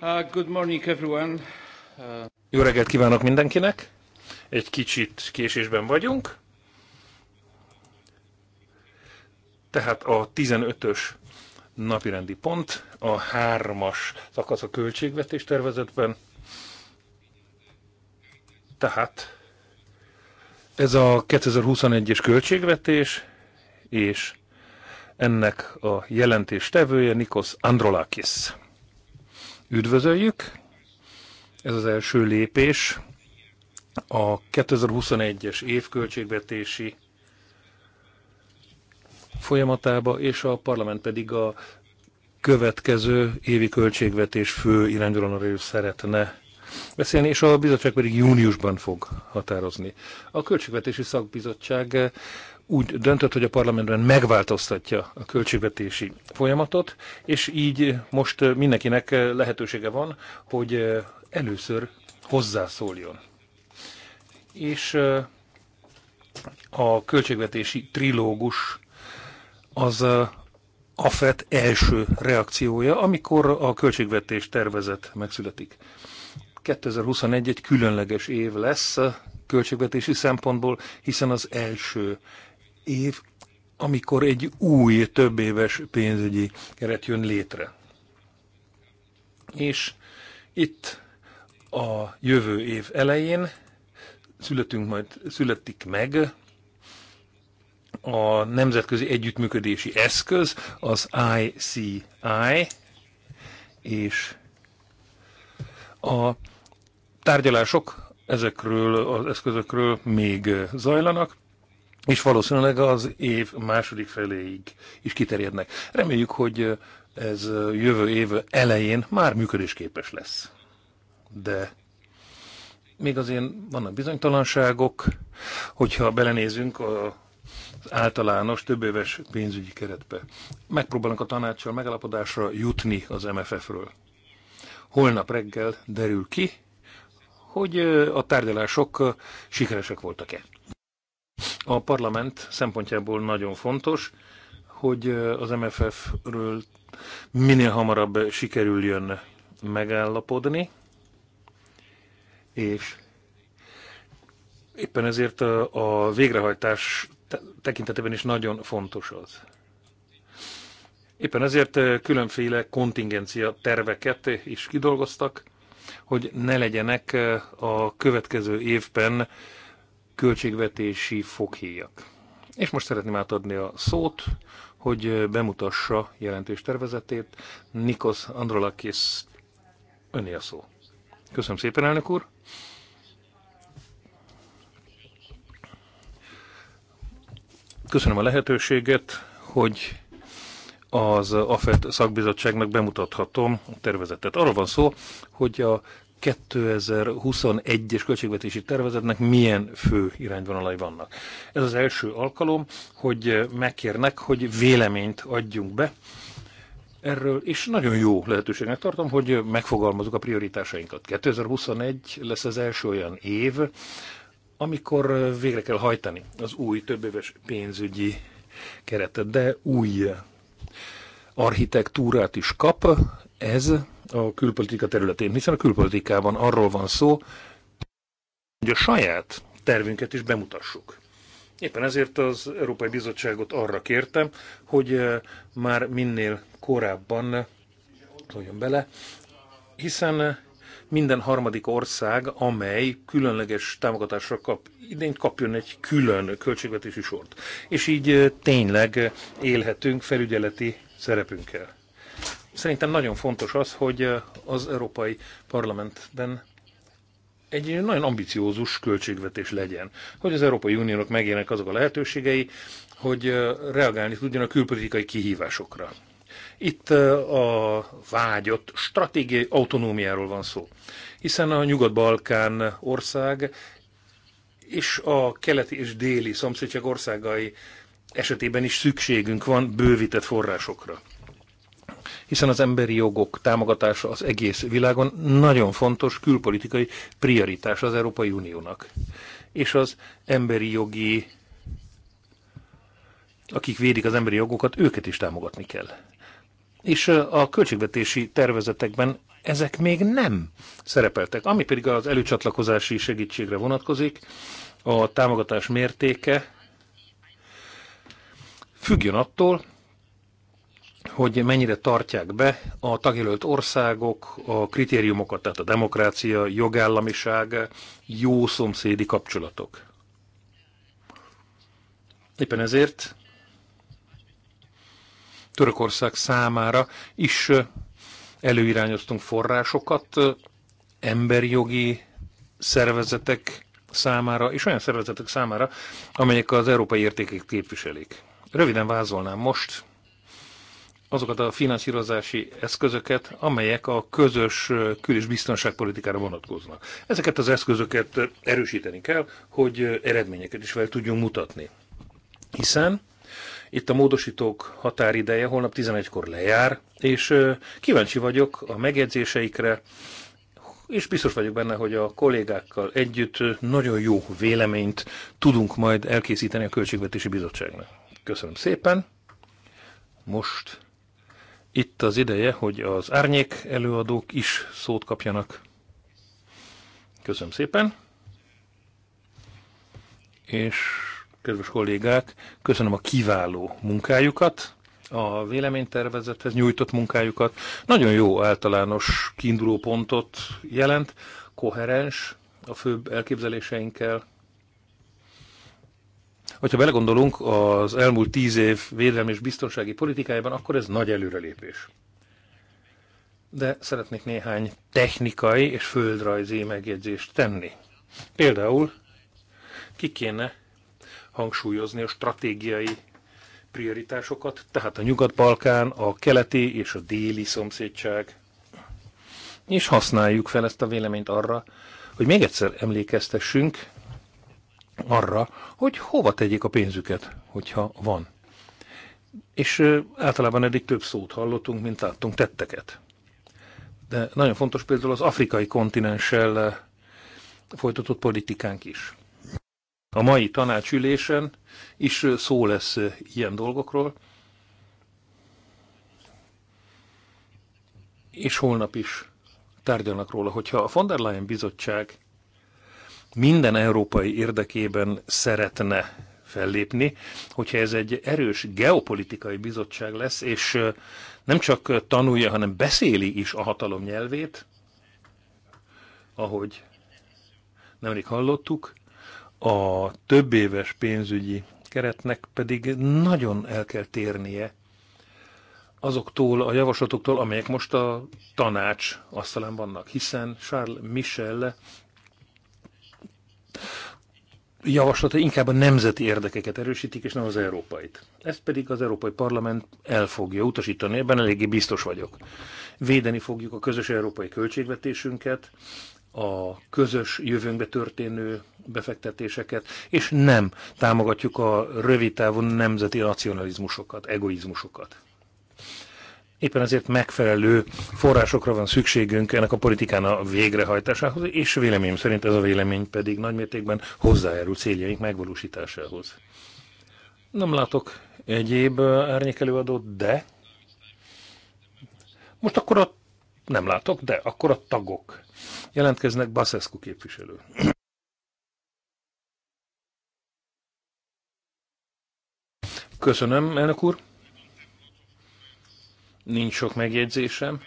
Uh, uh, Jó reggelt kívánok mindenkinek! Egy kicsit késésben vagyunk. Tehát a 15-ös napirendi pont a 3-as szakasz a költségvetés tervezetben. Tehát ez a 2021-es költségvetés, és ennek a jelentés tevője Nikos Androlakis. Üdvözöljük! Ez az első lépés a 2021-es évköltségvetési folyamatába, és a parlament pedig a következő évi költségvetés fő irányvonalról szeretne beszélni, és a bizottság pedig júniusban fog határozni. A Költségvetési Szakbizottság úgy döntött, hogy a parlamentben megváltoztatja a költségvetési folyamatot, és így most mindenkinek lehetősége van, hogy először hozzászóljon. És a költségvetési trilógus az FET első reakciója, amikor a költségvetés tervezet megszületik. 2021 egy különleges év lesz költségvetési szempontból, hiszen az első év, amikor egy új, több éves pénzügyi keret jön létre. És itt a jövő év elején születünk majd, születik meg a nemzetközi együttműködési eszköz, az ICI, és a tárgyalások ezekről az eszközökről még zajlanak, és valószínűleg az év második feléig is kiterjednek. Reméljük, hogy ez jövő év elején már működésképes lesz. De még azért vannak bizonytalanságok, hogyha belenézünk a az általános többéves pénzügyi keretbe. Megpróbálunk a tanácssal megalapodásra jutni az MFF-ről. Holnap reggel derül ki, hogy a tárgyalások sikeresek voltak-e. A parlament szempontjából nagyon fontos, hogy az MFF-ről minél hamarabb sikerüljön megállapodni, és éppen ezért a végrehajtás tekintetében is nagyon fontos az. Éppen ezért különféle kontingencia terveket is kidolgoztak, hogy ne legyenek a következő évben költségvetési foghéjak. És most szeretném átadni a szót, hogy bemutassa jelentős tervezetét. Nikos Androlakis, öné a szó. Köszönöm szépen, elnök úr. Köszönöm a lehetőséget, hogy az AFET szakbizottságnak bemutathatom a tervezetet. Arról van szó, hogy a 2021-es költségvetési tervezetnek milyen fő irányvonalai vannak. Ez az első alkalom, hogy megkérnek, hogy véleményt adjunk be erről, és nagyon jó lehetőségnek tartom, hogy megfogalmazunk a prioritásainkat. 2021 lesz az első olyan év, amikor végre kell hajtani az új többéves pénzügyi keretet, de új architektúrát is kap ez, a külpolitika területén, hiszen a külpolitikában arról van szó, hogy a saját tervünket is bemutassuk. Éppen ezért az Európai Bizottságot arra kértem, hogy eh, már minél korábban szóljon bele, hiszen eh, minden harmadik ország, amely különleges támogatásra kap, idén kapjon egy külön költségvetési sort. És így eh, tényleg élhetünk felügyeleti szerepünkkel. Szerintem nagyon fontos az, hogy az Európai Parlamentben egy nagyon ambiciózus költségvetés legyen, hogy az Európai Uniónak megjelenek azok a lehetőségei, hogy reagálni tudjon a külpolitikai kihívásokra. Itt a vágyott stratégiai autonómiáról van szó, hiszen a Nyugat-Balkán ország és a keleti és déli szomszédság országai esetében is szükségünk van bővített forrásokra hiszen az emberi jogok támogatása az egész világon nagyon fontos külpolitikai prioritás az Európai Uniónak. És az emberi jogi, akik védik az emberi jogokat, őket is támogatni kell. És a költségvetési tervezetekben ezek még nem szerepeltek. Ami pedig az előcsatlakozási segítségre vonatkozik, a támogatás mértéke függjön attól, hogy mennyire tartják be a tagjelölt országok a kritériumokat, tehát a demokrácia, jogállamiság, jó szomszédi kapcsolatok. Éppen ezért Törökország számára is előirányoztunk forrásokat emberi jogi szervezetek számára, és olyan szervezetek számára, amelyek az európai értékek képviselik. Röviden vázolnám most azokat a finanszírozási eszközöket, amelyek a közös kül- és biztonságpolitikára vonatkoznak. Ezeket az eszközöket erősíteni kell, hogy eredményeket is fel tudjunk mutatni. Hiszen itt a módosítók határideje holnap 11-kor lejár, és kíváncsi vagyok a megjegyzéseikre, és biztos vagyok benne, hogy a kollégákkal együtt nagyon jó véleményt tudunk majd elkészíteni a Költségvetési Bizottságnak. Köszönöm szépen! Most itt az ideje, hogy az árnyék előadók is szót kapjanak. Köszönöm szépen. És kedves kollégák, köszönöm a kiváló munkájukat, a véleménytervezethez nyújtott munkájukat. Nagyon jó általános kiinduló pontot jelent, koherens a főbb elképzeléseinkkel, Hogyha belegondolunk az elmúlt tíz év védelmi és biztonsági politikájában, akkor ez nagy előrelépés. De szeretnék néhány technikai és földrajzi megjegyzést tenni. Például ki kéne hangsúlyozni a stratégiai prioritásokat, tehát a Nyugat-Balkán, a keleti és a déli szomszédság. És használjuk fel ezt a véleményt arra, hogy még egyszer emlékeztessünk arra, hogy hova tegyék a pénzüket, hogyha van. És általában eddig több szót hallottunk, mint láttunk tetteket. De nagyon fontos például az afrikai kontinenssel folytatott politikánk is. A mai tanácsülésen is szó lesz ilyen dolgokról, és holnap is tárgyalnak róla, hogyha a von der Leyen bizottság minden európai érdekében szeretne fellépni, hogyha ez egy erős geopolitikai bizottság lesz, és nem csak tanulja, hanem beszéli is a hatalom nyelvét, ahogy nemrég hallottuk, a több éves pénzügyi keretnek pedig nagyon el kell térnie azoktól a javaslatoktól, amelyek most a tanács asztalán vannak, hiszen Charles Michel javaslata inkább a nemzeti érdekeket erősítik, és nem az európait. Ezt pedig az Európai Parlament el fogja utasítani, ebben eléggé biztos vagyok. Védeni fogjuk a közös európai költségvetésünket, a közös jövőnkbe történő befektetéseket, és nem támogatjuk a rövid távon nemzeti nacionalizmusokat, egoizmusokat. Éppen ezért megfelelő forrásokra van szükségünk ennek a politikán a végrehajtásához, és véleményem szerint ez a vélemény pedig nagymértékben hozzájárul céljaink megvalósításához. Nem látok egyéb árnyékelőadót, de most akkor a nem látok, de akkor a tagok jelentkeznek Baszeszku képviselő. Köszönöm, elnök úr. Nincs sok megjegyzésem.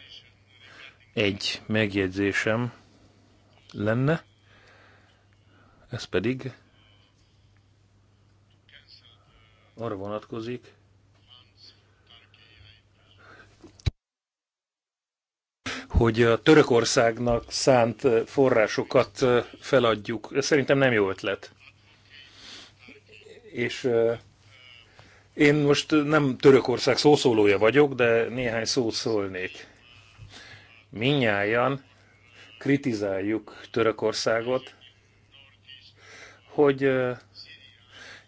Egy megjegyzésem lenne, ez pedig arra vonatkozik, hogy a Törökországnak szánt forrásokat feladjuk. Ez szerintem nem jó ötlet. És én most nem Törökország szószólója vagyok, de néhány szót szólnék. Minnyáján kritizáljuk Törökországot, hogy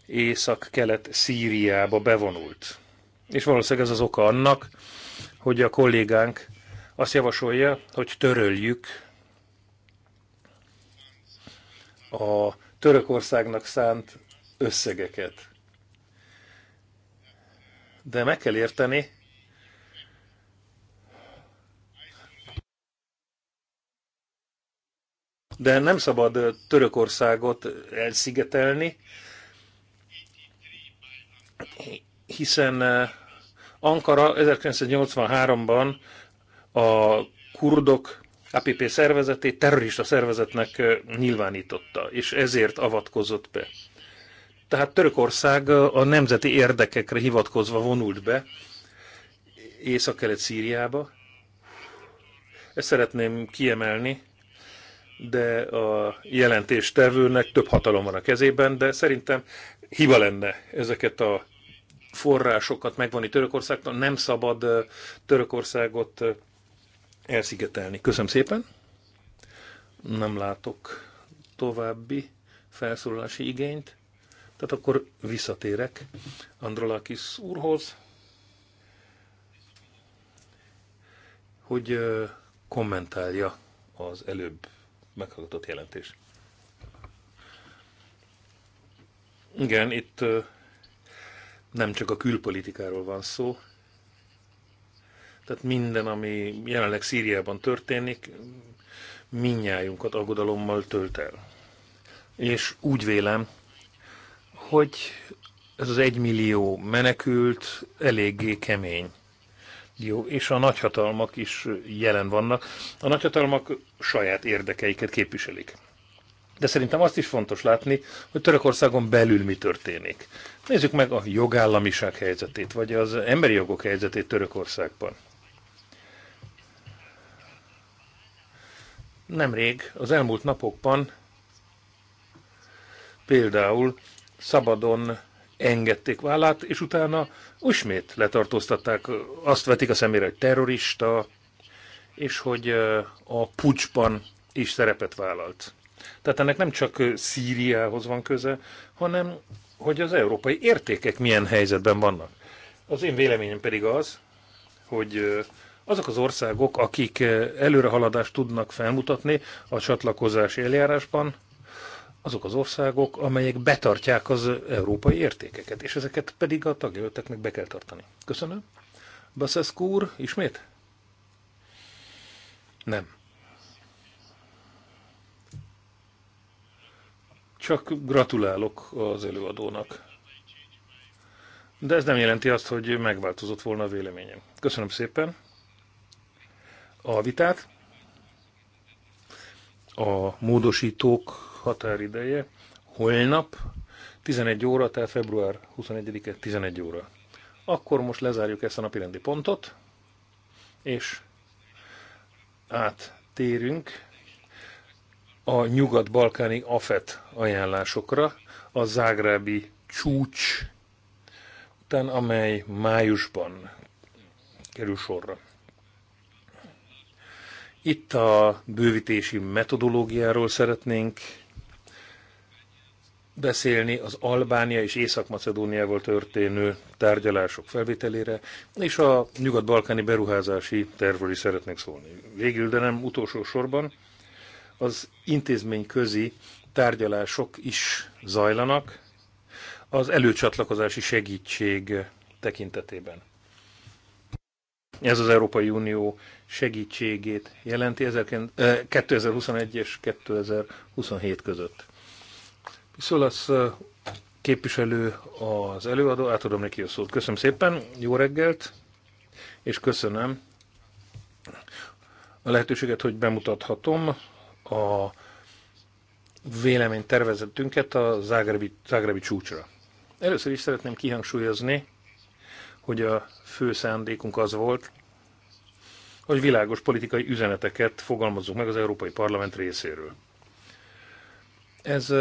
Észak-Kelet-Szíriába bevonult. És valószínűleg ez az oka annak, hogy a kollégánk azt javasolja, hogy töröljük a Törökországnak szánt összegeket de meg kell érteni, de nem szabad Törökországot elszigetelni, hiszen Ankara 1983-ban a kurdok APP szervezetét terrorista szervezetnek nyilvánította, és ezért avatkozott be. Tehát Törökország a nemzeti érdekekre hivatkozva vonult be Észak-Kelet-Szíriába. Ezt szeretném kiemelni, de a jelentéstevőnek több hatalom van a kezében, de szerintem hiba lenne ezeket a forrásokat megvonni Törökországtól, nem szabad Törökországot elszigetelni. Köszönöm szépen. Nem látok további felszólalási igényt. Tehát akkor visszatérek Androlakis úrhoz, hogy kommentálja az előbb meghallgatott jelentés. Igen, itt nem csak a külpolitikáról van szó, tehát minden, ami jelenleg Szíriában történik, minnyájunkat aggodalommal tölt el. És úgy vélem, hogy ez az egymillió menekült eléggé kemény. Jó, és a nagyhatalmak is jelen vannak. A nagyhatalmak saját érdekeiket képviselik. De szerintem azt is fontos látni, hogy Törökországon belül mi történik. Nézzük meg a jogállamiság helyzetét, vagy az emberi jogok helyzetét Törökországban. Nemrég, az elmúlt napokban például szabadon engedték vállát, és utána ismét letartóztatták, azt vetik a szemére, hogy terrorista, és hogy a pucsban is szerepet vállalt. Tehát ennek nem csak Szíriához van köze, hanem hogy az európai értékek milyen helyzetben vannak. Az én véleményem pedig az, hogy azok az országok, akik előrehaladást tudnak felmutatni a csatlakozás eljárásban, azok az országok, amelyek betartják az európai értékeket, és ezeket pedig a tagjelölteknek be kell tartani. Köszönöm. Baszeszkú úr, ismét? Nem. Csak gratulálok az előadónak. De ez nem jelenti azt, hogy megváltozott volna a véleményem. Köszönöm szépen a vitát. A módosítók határideje holnap 11 óra, tehát február 21-e 11 óra. Akkor most lezárjuk ezt a napi rendi pontot, és áttérünk a nyugat-balkáni AFET ajánlásokra, a zágrábi csúcs után, amely májusban kerül sorra. Itt a bővítési metodológiáról szeretnénk beszélni az Albánia és Észak-Macedóniával történő tárgyalások felvételére, és a nyugat-balkáni beruházási tervről is szeretnék szólni. Végül, de nem utolsó sorban, az intézmény közi tárgyalások is zajlanak az előcsatlakozási segítség tekintetében. Ez az Európai Unió segítségét jelenti eh, 2021 és 2027 között. Szolasz képviselő az előadó, átadom neki a szót. Köszönöm szépen, jó reggelt, és köszönöm a lehetőséget, hogy bemutathatom a vélemény tervezetünket a zágrebi, zágrebi csúcsra. Először is szeretném kihangsúlyozni, hogy a fő szándékunk az volt, hogy világos politikai üzeneteket fogalmazzunk meg az Európai Parlament részéről. Ez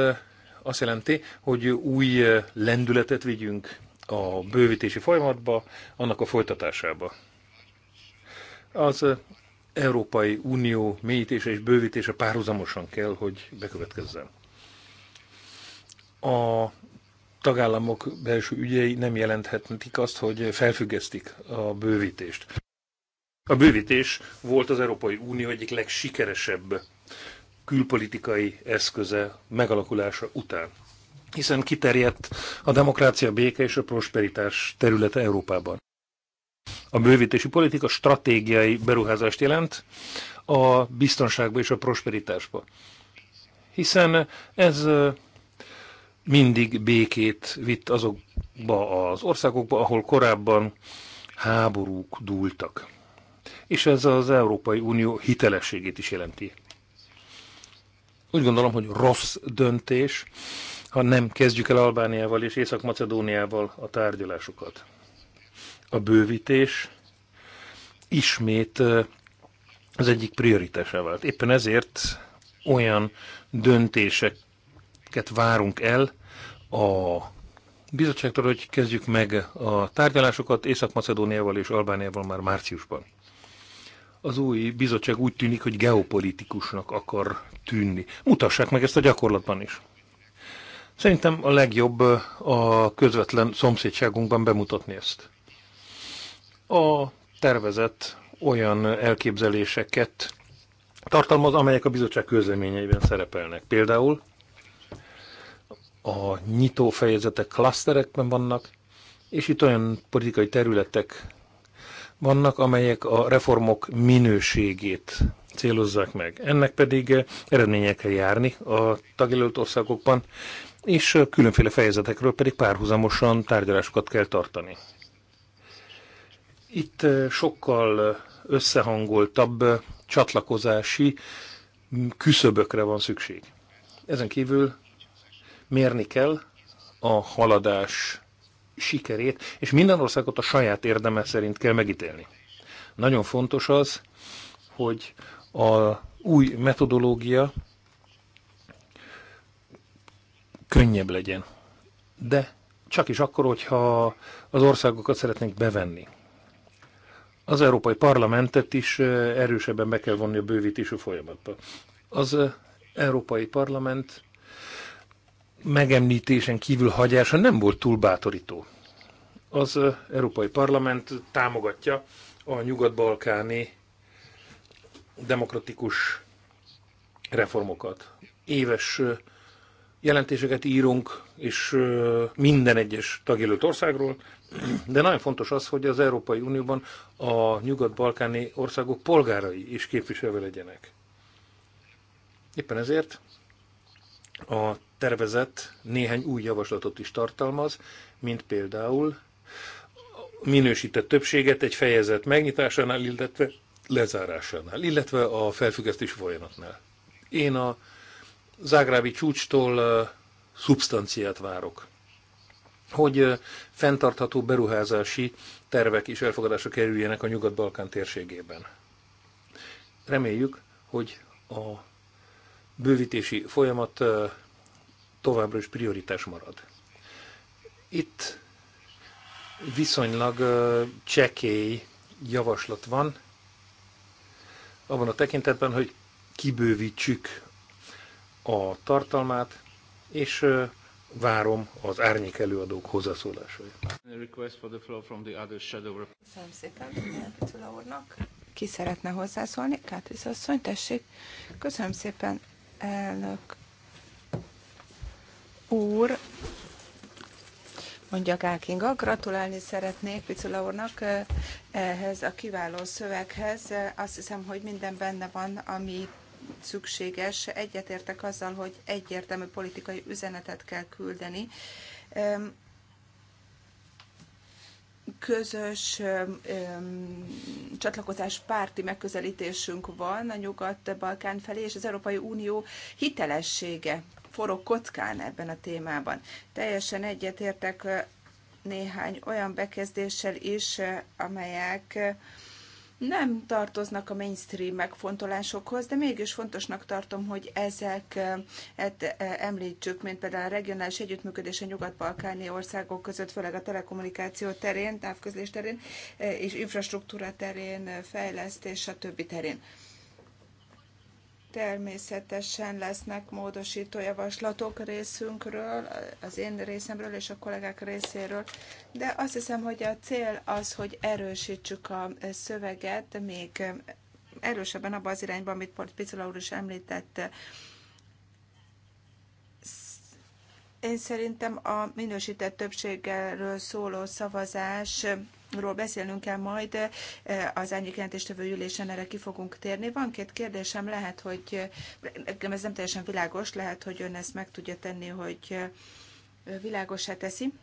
azt jelenti, hogy új lendületet vigyünk a bővítési folyamatba, annak a folytatásába. Az Európai Unió mélyítése és bővítése párhuzamosan kell, hogy bekövetkezzen. A tagállamok belső ügyei nem jelenthetik azt, hogy felfüggesztik a bővítést. A bővítés volt az Európai Unió egyik legsikeresebb külpolitikai eszköze megalakulása után. Hiszen kiterjedt a demokrácia, a béke és a prosperitás területe Európában. A bővítési politika stratégiai beruházást jelent a biztonságba és a prosperitásba. Hiszen ez mindig békét vitt azokba az országokba, ahol korábban háborúk dúltak. És ez az Európai Unió hitelességét is jelenti. Úgy gondolom, hogy rossz döntés, ha nem kezdjük el Albániával és Észak-Macedóniával a tárgyalásokat. A bővítés ismét az egyik prioritása vált. Éppen ezért olyan döntéseket várunk el a bizottságtól, hogy kezdjük meg a tárgyalásokat Észak-Macedóniával és Albániával már márciusban az új bizottság úgy tűnik, hogy geopolitikusnak akar tűnni. Mutassák meg ezt a gyakorlatban is. Szerintem a legjobb a közvetlen szomszédságunkban bemutatni ezt. A tervezet olyan elképzeléseket tartalmaz, amelyek a bizottság közleményeiben szerepelnek. Például a nyitó fejezetek klaszterekben vannak, és itt olyan politikai területek vannak, amelyek a reformok minőségét célozzák meg. Ennek pedig eredményekkel járni a tagjelölt országokban, és különféle fejezetekről pedig párhuzamosan tárgyalásokat kell tartani. Itt sokkal összehangoltabb csatlakozási küszöbökre van szükség. Ezen kívül mérni kell a haladás sikerét, és minden országot a saját érdeme szerint kell megítélni. Nagyon fontos az, hogy a új metodológia könnyebb legyen. De csak is akkor, hogyha az országokat szeretnénk bevenni. Az Európai Parlamentet is erősebben be kell vonni a bővítésű folyamatba. Az Európai Parlament megemlítésen kívül hagyása nem volt túl bátorító. Az Európai Parlament támogatja a nyugat-balkáni demokratikus reformokat. Éves jelentéseket írunk, és minden egyes tagjelölt országról, de nagyon fontos az, hogy az Európai Unióban a nyugat-balkáni országok polgárai is képviselve legyenek. Éppen ezért a tervezett néhány új javaslatot is tartalmaz, mint például minősített többséget egy fejezet megnyitásánál, illetve lezárásánál, illetve a felfüggesztés folyamatnál. Én a zágrábi csúcstól szubstanciát várok, hogy fenntartható beruházási tervek is elfogadásra kerüljenek a Nyugat-Balkán térségében. Reméljük, hogy a bővítési folyamat továbbra is prioritás marad. Itt viszonylag csekély javaslat van, abban a tekintetben, hogy kibővítsük a tartalmát, és várom az árnyék előadók hozzászólásait. Köszönöm szépen Petula úrnak. Ki szeretne hozzászólni? Kátrisz asszony, tessék. Köszönöm szépen, elnök úr, mondja Kákinga, gratulálni szeretnék Picula úrnak ehhez a kiváló szöveghez. Azt hiszem, hogy minden benne van, ami szükséges. Egyetértek azzal, hogy egyértelmű politikai üzenetet kell küldeni közös csatlakozás párti megközelítésünk van a Nyugat-Balkán felé, és az Európai Unió hitelessége forró kockán ebben a témában. Teljesen egyetértek néhány olyan bekezdéssel is, amelyek nem tartoznak a mainstream megfontolásokhoz, de mégis fontosnak tartom, hogy ezeket említsük, mint például a regionális együttműködés a nyugat-balkáni országok között, főleg a telekommunikáció terén, távközlés terén és infrastruktúra terén, fejlesztés, a többi terén. Természetesen lesznek módosító javaslatok részünkről, az én részemről és a kollégák részéről, de azt hiszem, hogy a cél az, hogy erősítsük a szöveget, még erősebben abban az irányban, amit Picula úr is említett. Én szerintem a minősített többségről szóló szavazás ról beszélnünk kell majd eh, az árnyékjelentéstevő ülésen, erre ki fogunk térni. Van két kérdésem, lehet, hogy nekem ez nem teljesen világos, lehet, hogy ön ezt meg tudja tenni, hogy eh, világosá teszi.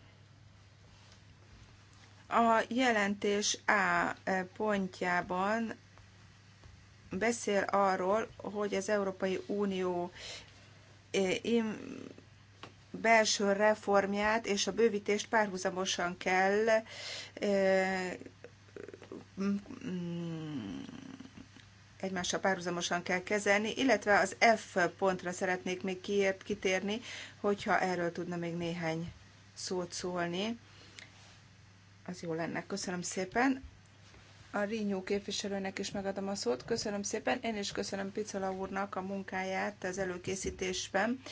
A jelentés A eh, pontjában beszél arról, hogy az Európai Unió belső reformját és a bővítést párhuzamosan kell eh, mm, egymással párhuzamosan kell kezelni, illetve az F pontra szeretnék még kiért kitérni, hogyha erről tudna még néhány szót szólni. Az jó lenne. Köszönöm szépen. A Rinyó képviselőnek is megadom a szót. Köszönöm szépen. Én is köszönöm Picola úrnak a munkáját az előkészítésben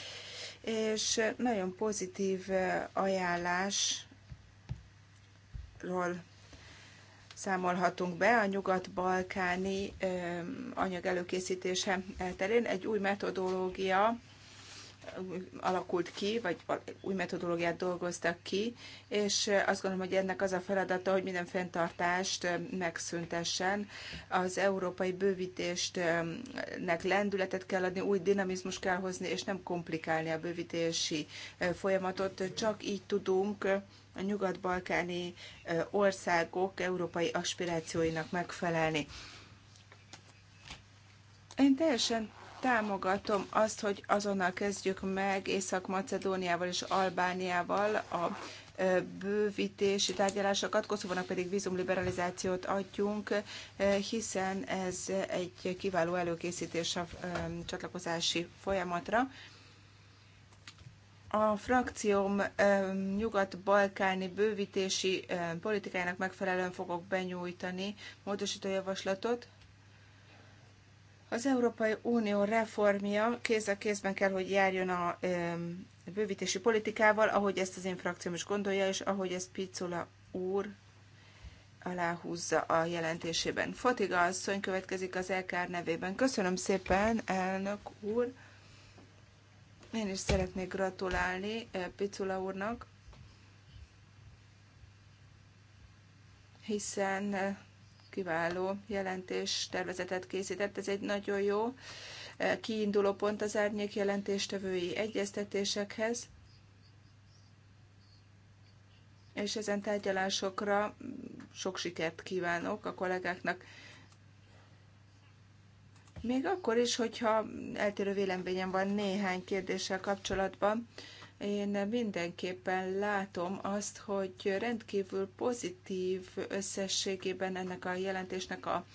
és nagyon pozitív eh, ajánlásról számolhatunk be a nyugat-balkáni eh, anyag előkészítése terén. Egy új metodológia alakult ki, vagy új metodológiát dolgoztak ki, és azt gondolom, hogy ennek az a feladata, hogy minden fenntartást megszüntessen. Az európai bővítéstnek lendületet kell adni, új dinamizmus kell hozni, és nem komplikálni a bővítési folyamatot. Csak így tudunk a nyugat-balkáni országok európai aspirációinak megfelelni. Én teljesen Támogatom azt, hogy azonnal kezdjük meg Észak-Macedóniával és Albániával a bővítési tárgyalásokat, Koszovónak pedig vízumliberalizációt adjunk, hiszen ez egy kiváló előkészítés a csatlakozási folyamatra. A frakcióm nyugat-balkáni bővítési politikájának megfelelően fogok benyújtani módosító javaslatot. Az Európai Unió reformja kéz a kézben kell, hogy járjon a bővítési politikával, ahogy ezt az én frakcióm is gondolja, és ahogy ezt Picula úr aláhúzza a jelentésében. Fotiga asszony következik az LKR nevében. Köszönöm szépen, elnök úr! Én is szeretnék gratulálni eh, Picula úrnak, hiszen eh, kiváló jelentés tervezetet készített. Ez egy nagyon jó eh, kiinduló pont az árnyék jelentéstevői egyeztetésekhez, és ezen tárgyalásokra sok sikert kívánok a kollégáknak. Még akkor is, hogyha eltérő véleményem van néhány kérdéssel kapcsolatban, én mindenképpen látom azt, hogy rendkívül pozitív összességében ennek a jelentésnek a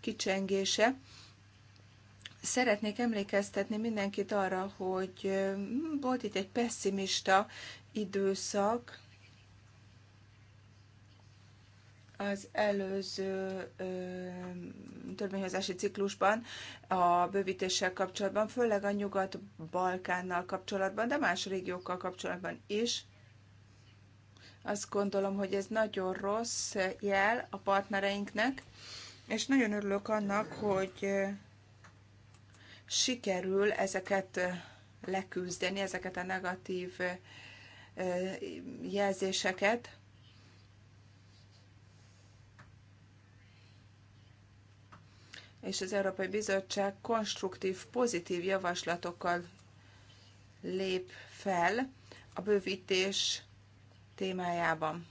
kicsengése. Szeretnék emlékeztetni mindenkit arra, hogy volt itt egy pessimista időszak, az előző ö, törvényhozási ciklusban a bővítéssel kapcsolatban, főleg a Nyugat-Balkánnal kapcsolatban, de más régiókkal kapcsolatban is. Azt gondolom, hogy ez nagyon rossz jel a partnereinknek, és nagyon örülök annak, hogy sikerül ezeket leküzdeni, ezeket a negatív jelzéseket és az Európai Bizottság konstruktív, pozitív javaslatokkal lép fel a bővítés témájában.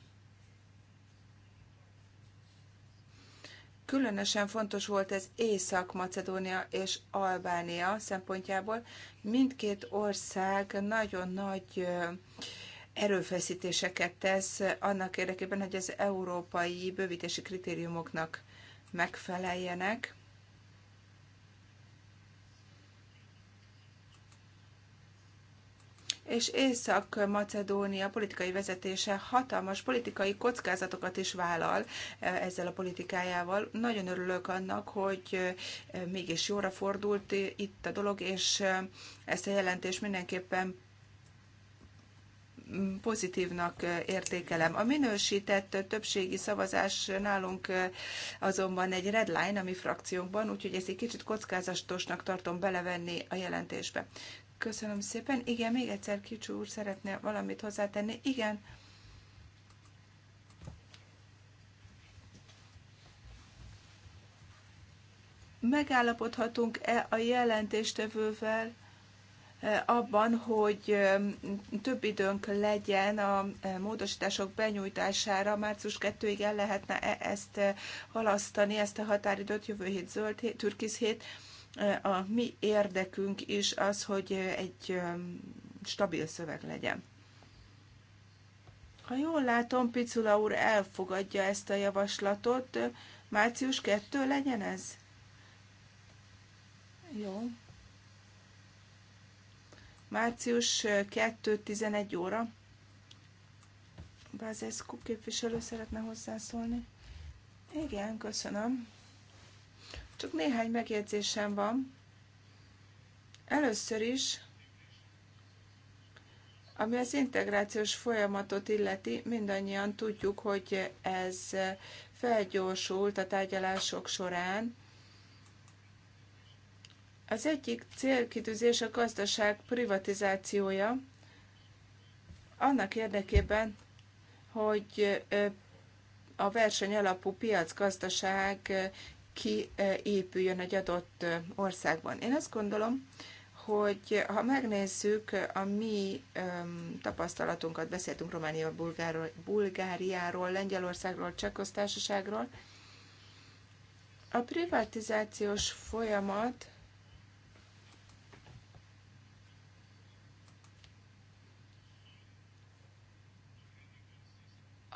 Különösen fontos volt ez Észak-Macedónia és Albánia szempontjából. Mindkét ország nagyon nagy erőfeszítéseket tesz annak érdekében, hogy az európai bővítési kritériumoknak megfeleljenek. és Észak-Macedónia politikai vezetése hatalmas politikai kockázatokat is vállal eh, ezzel a politikájával. Nagyon örülök annak, hogy eh, mégis jóra fordult itt a dolog, és eh, ezt a jelentést mindenképpen mm, pozitívnak értékelem. A minősített többségi szavazás nálunk azonban egy red line a mi frakciónkban, úgyhogy ezt egy kicsit kockázatosnak tartom belevenni a jelentésbe. Köszönöm szépen. Igen, még egyszer Kicsú úr szeretne valamit hozzátenni. Igen. Megállapodhatunk-e a jelentéstevővel eh, abban, hogy több időnk legyen a eh, módosítások benyújtására, március 2-ig el lehetne -e ezt eh, halasztani, ezt a határidőt, jövő hét zöld hét, türkisz hét, a mi érdekünk is az, hogy egy stabil szöveg legyen. Ha jól látom, Picula úr elfogadja ezt a javaslatot. Március 2 legyen ez? Jó. Március 2-11 óra. Bázeszkú képviselő szeretne hozzászólni. Igen, köszönöm. Csak néhány megjegyzésem van. Először is, ami az integrációs folyamatot illeti, mindannyian tudjuk, hogy ez felgyorsult a tárgyalások során. Az egyik célkitűzés a gazdaság privatizációja, annak érdekében, hogy a verseny alapú piacgazdaság kiépüljön egy adott országban. Én azt gondolom, hogy ha megnézzük a mi tapasztalatunkat, beszéltünk Románia, Bulgáriáról, Lengyelországról, Csehköztársaságról, a privatizációs folyamat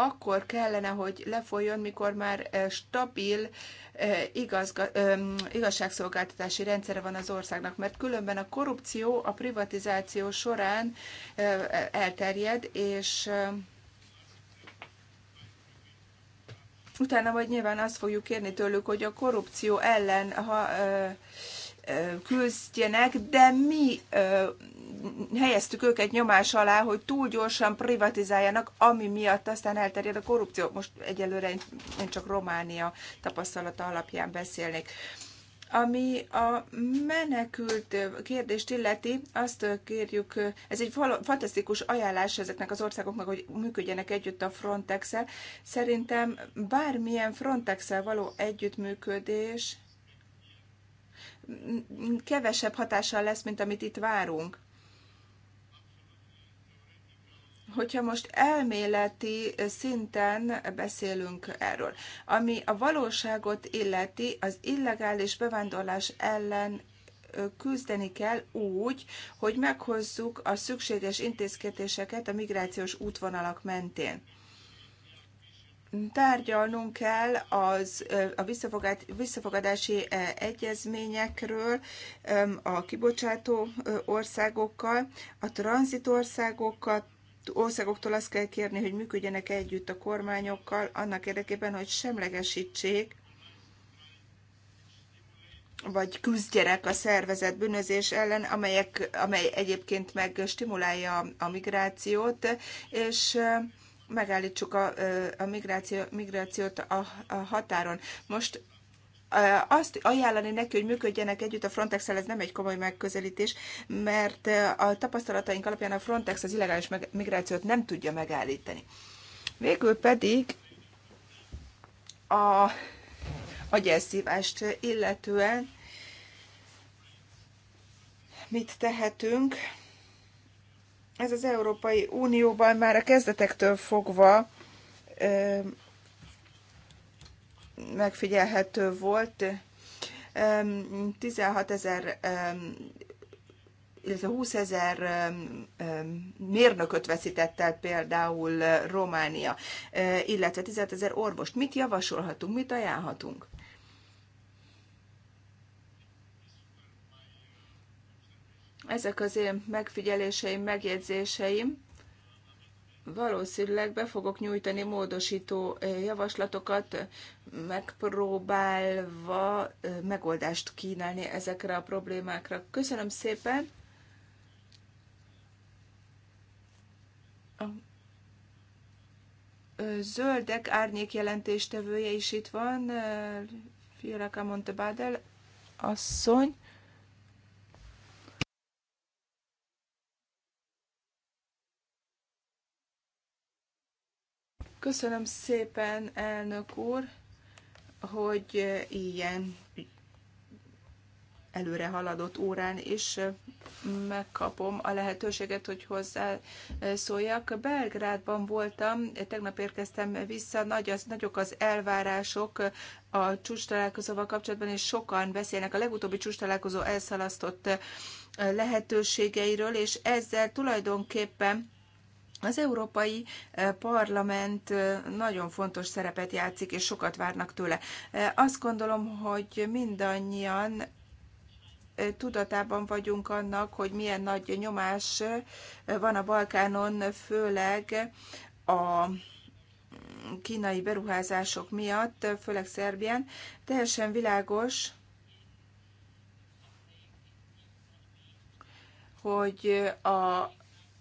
akkor kellene, hogy lefolyjon, mikor már stabil igazga, igazságszolgáltatási rendszere van az országnak, mert különben a korrupció a privatizáció során elterjed, és utána majd nyilván azt fogjuk kérni tőlük, hogy a korrupció ellen ha, ö, ö, küzdjenek, de mi ö, helyeztük őket nyomás alá, hogy túl gyorsan privatizáljanak, ami miatt aztán elterjed a korrupció. Most egyelőre én csak Románia tapasztalata alapján beszélnék. Ami a menekült kérdést illeti, azt kérjük, ez egy fantasztikus ajánlás ezeknek az országoknak, hogy működjenek együtt a frontex -el. Szerintem bármilyen frontex való együttműködés kevesebb hatással lesz, mint amit itt várunk hogyha most elméleti szinten beszélünk erről, ami a valóságot illeti, az illegális bevándorlás ellen küzdeni kell úgy, hogy meghozzuk a szükséges intézkedéseket a migrációs útvonalak mentén. Tárgyalnunk kell az, a visszafogadási egyezményekről a kibocsátó országokkal, a tranzitországokat országoktól azt kell kérni, hogy működjenek együtt a kormányokkal, annak érdekében, hogy semlegesítsék, vagy küzdjenek a szervezet bűnözés ellen, amelyek, amely egyébként meg stimulálja a migrációt, és megállítsuk a, a migráció, migrációt a, a határon. Most azt ajánlani neki, hogy működjenek együtt a frontex ez nem egy komoly megközelítés, mert a tapasztalataink alapján a Frontex az illegális migrációt nem tudja megállítani. Végül pedig a agyelszívást illetően mit tehetünk? Ez az Európai Unióban már a kezdetektől fogva megfigyelhető volt. 16 ezer illetve 20 ezer mérnököt veszített el például eh, Románia, eh, illetve 15 ezer orvost. Mit javasolhatunk, mit ajánlhatunk? Ezek az én megfigyeléseim, megjegyzéseim valószínűleg be fogok nyújtani módosító javaslatokat, megpróbálva megoldást kínálni ezekre a problémákra. Köszönöm szépen! zöldek árnyék jelentéstevője is itt van, Fiora Camontebadel asszony. Köszönöm szépen, elnök úr, hogy ilyen előre haladott órán is megkapom a lehetőséget, hogy hozzá szóljak. Belgrádban voltam, tegnap érkeztem vissza, nagy az, nagyok az elvárások a csúcs találkozóval kapcsolatban, és sokan beszélnek. A legutóbbi csúcs találkozó elszalasztott lehetőségeiről, és ezzel tulajdonképpen az Európai eh, Parlament eh, nagyon fontos szerepet játszik, és sokat várnak tőle. Eh, azt gondolom, hogy mindannyian tudatában vagyunk annak, hogy milyen nagy nyomás van a Balkánon, főleg a kínai beruházások miatt, főleg Szerbián. Teljesen világos, hogy a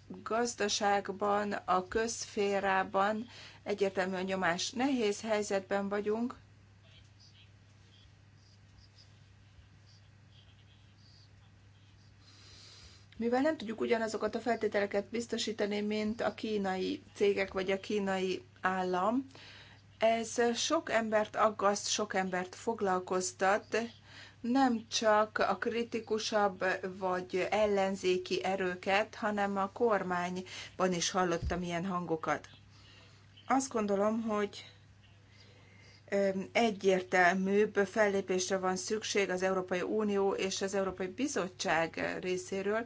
gazdaságban, a közférában egyértelmű a nyomás. Nehéz helyzetben vagyunk, mivel nem tudjuk ugyanazokat a feltételeket biztosítani, mint a kínai cégek vagy a kínai állam, ez sok embert aggaszt, sok embert foglalkoztat, nem csak a kritikusabb vagy ellenzéki erőket, hanem a kormányban is hallottam ilyen hangokat. Azt gondolom, hogy egyértelműbb fellépésre van szükség az Európai Unió és az Európai Bizottság részéről.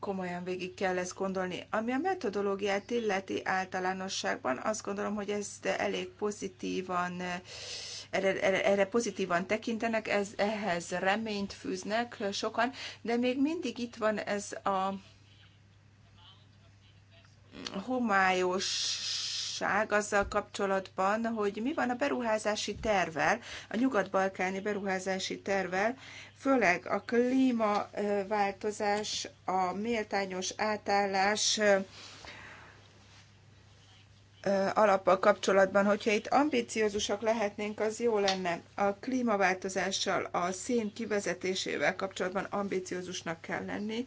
Komolyan végig kell ezt gondolni. Ami a metodológiát illeti általánosságban, azt gondolom, hogy ezt elég pozitívan erre, erre, erre pozitívan tekintenek, ez, ehhez reményt fűznek sokan, de még mindig itt van ez a homályos azzal kapcsolatban, hogy mi van a beruházási tervel, a nyugat-balkáni beruházási tervel, főleg a klímaváltozás, a méltányos átállás alappal kapcsolatban, hogyha itt ambiciózusak lehetnénk, az jó lenne. A klímaváltozással, a szén kivezetésével kapcsolatban ambiciózusnak kell lenni,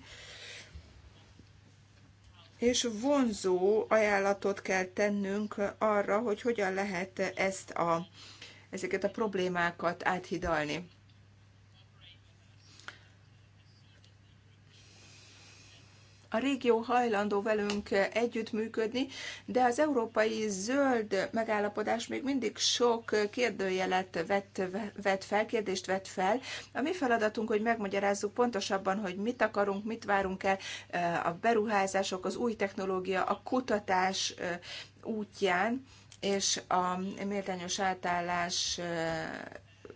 és vonzó ajánlatot kell tennünk arra, hogy hogyan lehet ezt a, ezeket a problémákat áthidalni. A régió hajlandó velünk együttműködni, de az európai zöld megállapodás még mindig sok kérdőjelet vett, vett fel, kérdést vett fel. A mi feladatunk, hogy megmagyarázzuk pontosabban, hogy mit akarunk, mit várunk el eh, a beruházások, az új technológia, a kutatás eh, útján, és a méltányos átállás eh,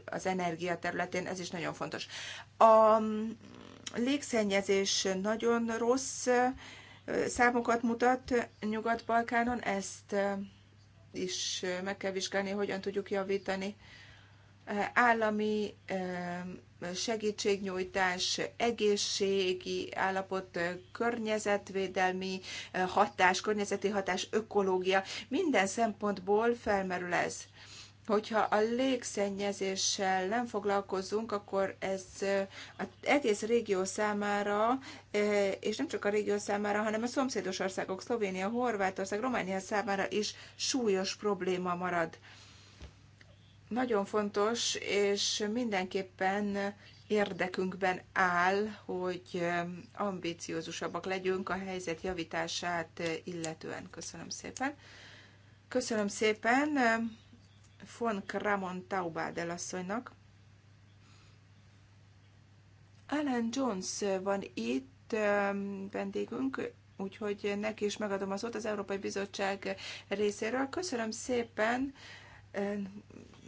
az energia területén, ez is nagyon fontos. A légszennyezés nagyon rossz számokat mutat Nyugat-Balkánon, ezt is meg kell vizsgálni, hogyan tudjuk javítani. Állami segítségnyújtás, egészségi állapot, környezetvédelmi hatás, környezeti hatás, ökológia, minden szempontból felmerül ez hogyha a légszennyezéssel nem foglalkozunk, akkor ez eh, az egész régió számára, eh, és nem csak a régió számára, hanem a szomszédos országok, Szlovénia, Horvátország, Románia számára is súlyos probléma marad. Nagyon fontos, és mindenképpen érdekünkben áll, hogy eh, ambiciózusabbak legyünk a helyzet javítását illetően. Köszönöm szépen. Köszönöm szépen von Kramon Taubádel asszonynak. Alan Jones van itt vendégünk, úgyhogy neki is megadom az szót az Európai Bizottság részéről. Köszönöm szépen,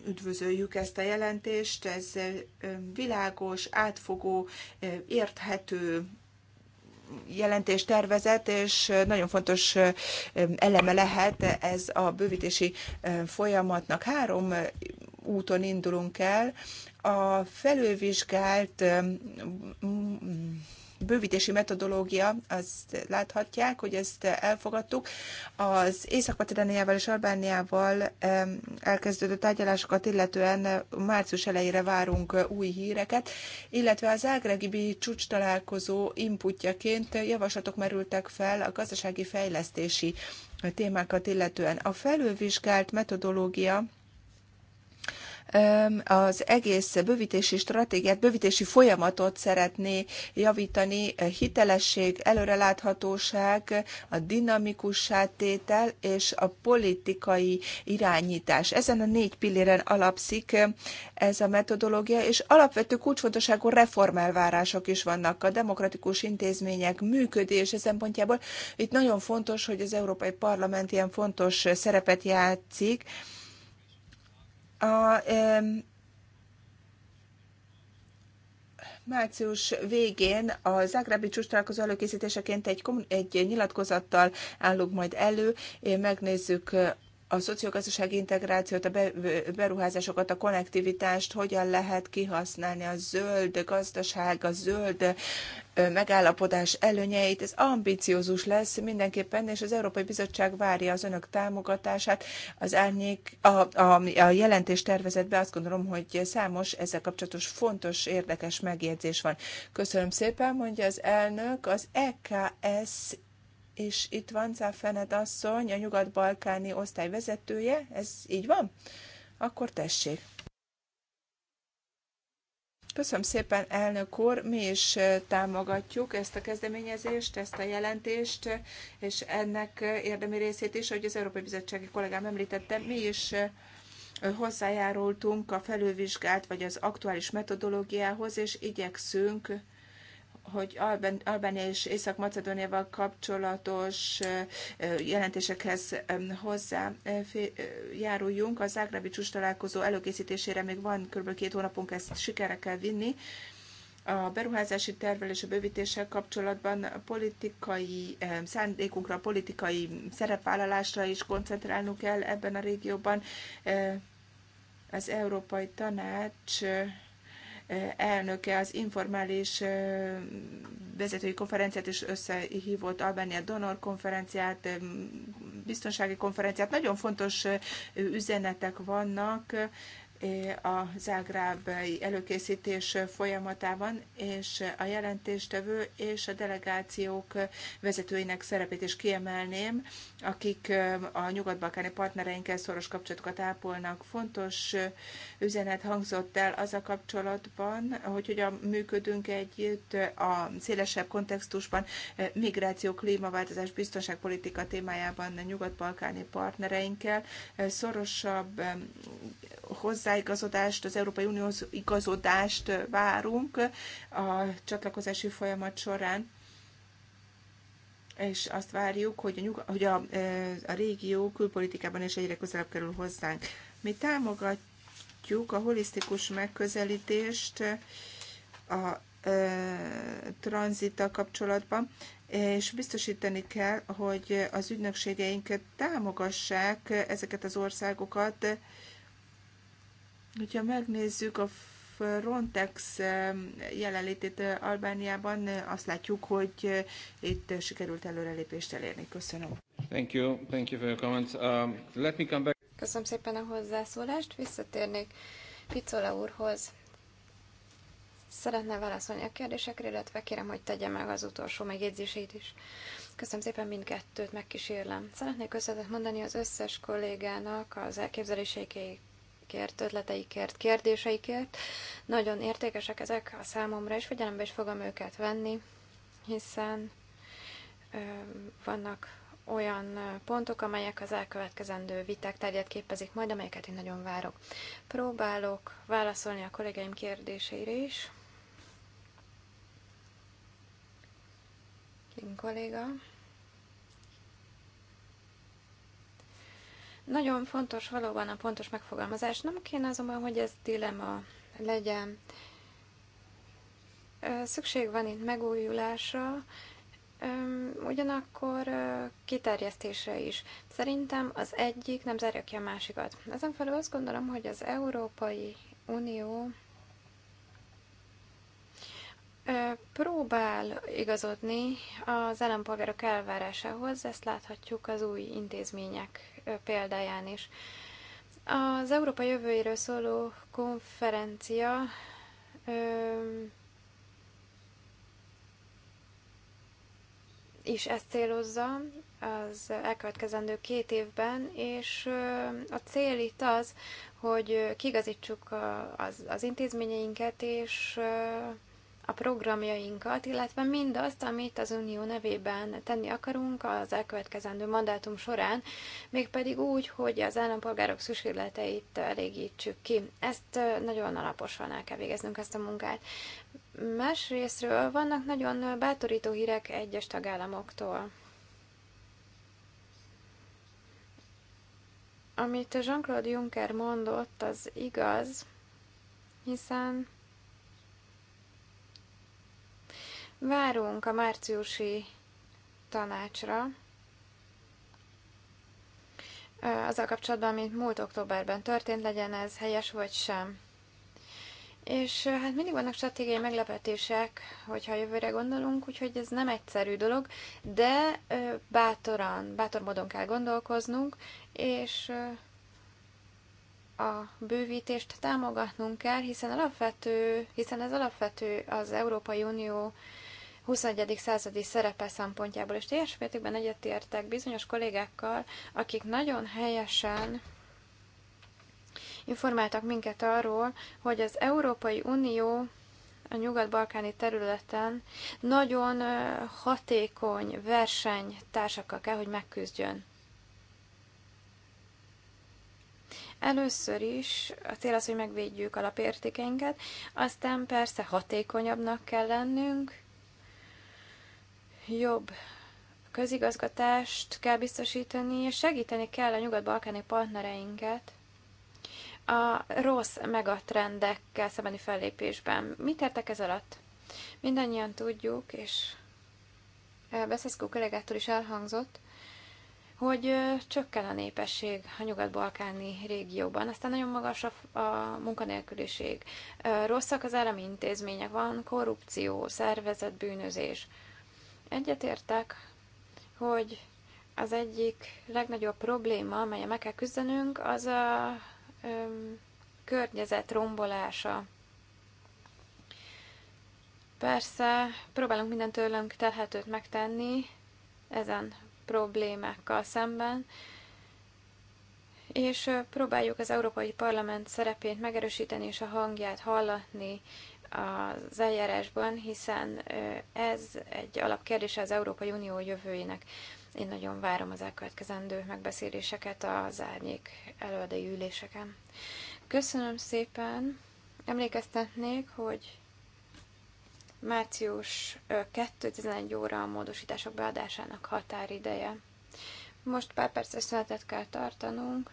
üdvözöljük ezt a jelentést, ez világos, átfogó, érthető jelentés tervezet, és nagyon fontos eleme lehet ez a bővítési folyamatnak. Három úton indulunk el. A felülvizsgált bővítési metodológia, azt láthatják, hogy ezt elfogadtuk. Az Észak-Macedóniával és Albániával elkezdődő tárgyalásokat illetően március elejére várunk új híreket, illetve az Ágregibi csúcs találkozó inputjaként javaslatok merültek fel a gazdasági fejlesztési témákat illetően. A felülvizsgált metodológia az egész bővítési stratégiát, bővítési folyamatot szeretné javítani, eh, hitelesség, előreláthatóság, a dinamikus tétel és a politikai irányítás. Ezen a négy pilléren alapszik eh, ez a metodológia, és alapvető kulcsfontosságú reformelvárások is vannak a demokratikus intézmények működése szempontjából. Itt nagyon fontos, hogy az Európai Parlament ilyen fontos szerepet játszik, a március végén a Zágrábi csúcs találkozó előkészítéseként egy, egy nyilatkozattal állunk majd elő, megnézzük a szociogazdasági integrációt, a beruházásokat, a konnektivitást hogyan lehet kihasználni, a zöld gazdaság, a zöld megállapodás előnyeit. Ez ambiciózus lesz mindenképpen, és az Európai Bizottság várja az önök támogatását. Az árnyék, a, a, a jelentés tervezetben azt gondolom, hogy számos ezzel kapcsolatos fontos, érdekes megjegyzés van. Köszönöm szépen, mondja az elnök. Az EKS és itt van Cáfenet asszony, a nyugat-balkáni osztály vezetője, ez így van? Akkor tessék. Köszönöm szépen, elnök úr! Mi is eh, támogatjuk ezt a kezdeményezést, ezt a jelentést, eh, és ennek eh, érdemi részét is, ahogy az Európai Bizottsági kollégám említette, mi is hozzájárultunk a felülvizsgált vagy az aktuális metodológiához, és igyekszünk hogy Albánia és Észak-Macedóniával kapcsolatos jelentésekhez hozzájáruljunk. Az Ágrábi csúcs találkozó előkészítésére még van kb. két hónapunk, ezt sikerre kell vinni. A beruházási tervel és a bővítéssel kapcsolatban a politikai szándékunkra, a politikai szerepvállalásra is koncentrálnunk kell ebben a régióban. Az Európai Tanács elnöke az informális vezetői konferenciát is összehívott, Albánia donor konferenciát, biztonsági konferenciát. Nagyon fontos üzenetek vannak a zágrábai előkészítés folyamatában, és a jelentéstevő és a delegációk vezetőinek szerepét is kiemelném, akik a nyugat-balkáni partnereinkkel szoros kapcsolatokat ápolnak. Fontos üzenet hangzott el az a kapcsolatban, hogy hogyan működünk együtt a szélesebb kontextusban migráció, klímaváltozás, biztonságpolitika témájában a nyugat-balkáni partnereinkkel szorosabb hozzá hozzáigazodást, az Európai Unióhoz igazodást várunk a csatlakozási folyamat során és azt várjuk, hogy, a, nyug- hogy a, a régió külpolitikában is egyre közelebb kerül hozzánk. Mi támogatjuk a holisztikus megközelítést a, a, a kapcsolatban, és biztosítani kell, hogy az ügynökségeinket támogassák ezeket az országokat, Hogyha megnézzük a Frontex eh, jelenlétét eh, Albániában, eh, azt látjuk, hogy itt sikerült előrelépést elérni. Köszönöm. Thank you. Thank you for your comments. Um, let me come back. Köszönöm szépen a hozzászólást. Visszatérnék Picola úrhoz. Szeretne válaszolni a kérdésekre, illetve kérem, hogy tegye meg az utolsó megjegyzését is. Köszönöm szépen mindkettőt, megkísérlem. Szeretnék összetett mondani az összes kollégának az elképzeléseikért kért ötleteikért, kérdéseikért. Nagyon értékesek ezek a számomra, és figyelembe is fogom őket venni, hiszen vannak olyan pontok, amelyek az elkövetkezendő viták tárgyát képezik majd, amelyeket én nagyon várok. Próbálok válaszolni a kollégáim kérdéseire is. Kim kolléga. Nagyon fontos valóban a pontos megfogalmazás. Nem kéne azonban, hogy ez dilema legyen. Szükség van itt megújulásra, ugyanakkor kiterjesztésre is. Szerintem az egyik nem zárja ki a másikat. Ezen felül azt gondolom, hogy az Európai Unió próbál igazodni az állampolgárok elvárásához, ezt láthatjuk az új intézmények példáján is. Az Európa jövőjéről szóló konferencia is ezt célozza az elkövetkezendő két évben, és a cél itt az, hogy kigazítsuk az, az intézményeinket, és a programjainkat, illetve mindazt, amit az Unió nevében tenni akarunk az elkövetkezendő mandátum során, mégpedig úgy, hogy az állampolgárok szükségleteit elégítsük ki. Ezt nagyon alaposan el kell végeznünk ezt a munkát. Másrésztről vannak nagyon bátorító hírek egyes tagállamoktól. Amit Jean-Claude Juncker mondott, az igaz, hiszen Várunk a márciusi tanácsra, azzal kapcsolatban, amit múlt októberben történt, legyen ez helyes vagy sem. És hát mindig vannak stratégiai meglepetések, hogyha jövőre gondolunk, úgyhogy ez nem egyszerű dolog, de bátoran, bátor módon kell gondolkoznunk, és a bővítést támogatnunk kell, hiszen alapvető, hiszen ez alapvető az Európai Unió 21. századi szerepe szempontjából, és teljes mértékben egyetértek bizonyos kollégákkal, akik nagyon helyesen informáltak minket arról, hogy az Európai Unió a nyugat-balkáni területen nagyon hatékony versenytársakkal kell, hogy megküzdjön. Először is a cél az, hogy megvédjük alapértékeinket, aztán persze hatékonyabbnak kell lennünk, jobb közigazgatást kell biztosítani, és segíteni kell a nyugat-balkáni partnereinket a rossz megatrendekkel szembeni fellépésben. Mit értek ez alatt? Mindannyian tudjuk, és Beszeszkó kollégától is elhangzott, hogy csökken a népesség a nyugat-balkáni régióban, aztán nagyon magas a, a munkanélküliség, rosszak az állami intézmények, van korrupció, szervezett bűnözés. Egyetértek, hogy az egyik legnagyobb probléma, amelyen meg kell küzdenünk, az a öm, környezet rombolása. Persze próbálunk minden tőlünk telhetőt megtenni ezen problémákkal szemben, és próbáljuk az Európai Parlament szerepét megerősíteni és a hangját hallatni az eljárásban, hiszen ez egy alapkérdése az Európai Unió jövőjének. Én nagyon várom az elkövetkezendő megbeszéléseket az árnyék előadai üléseken. Köszönöm szépen! Emlékeztetnék, hogy március 2 óra a módosítások beadásának határideje. Most pár perces szünetet kell tartanunk,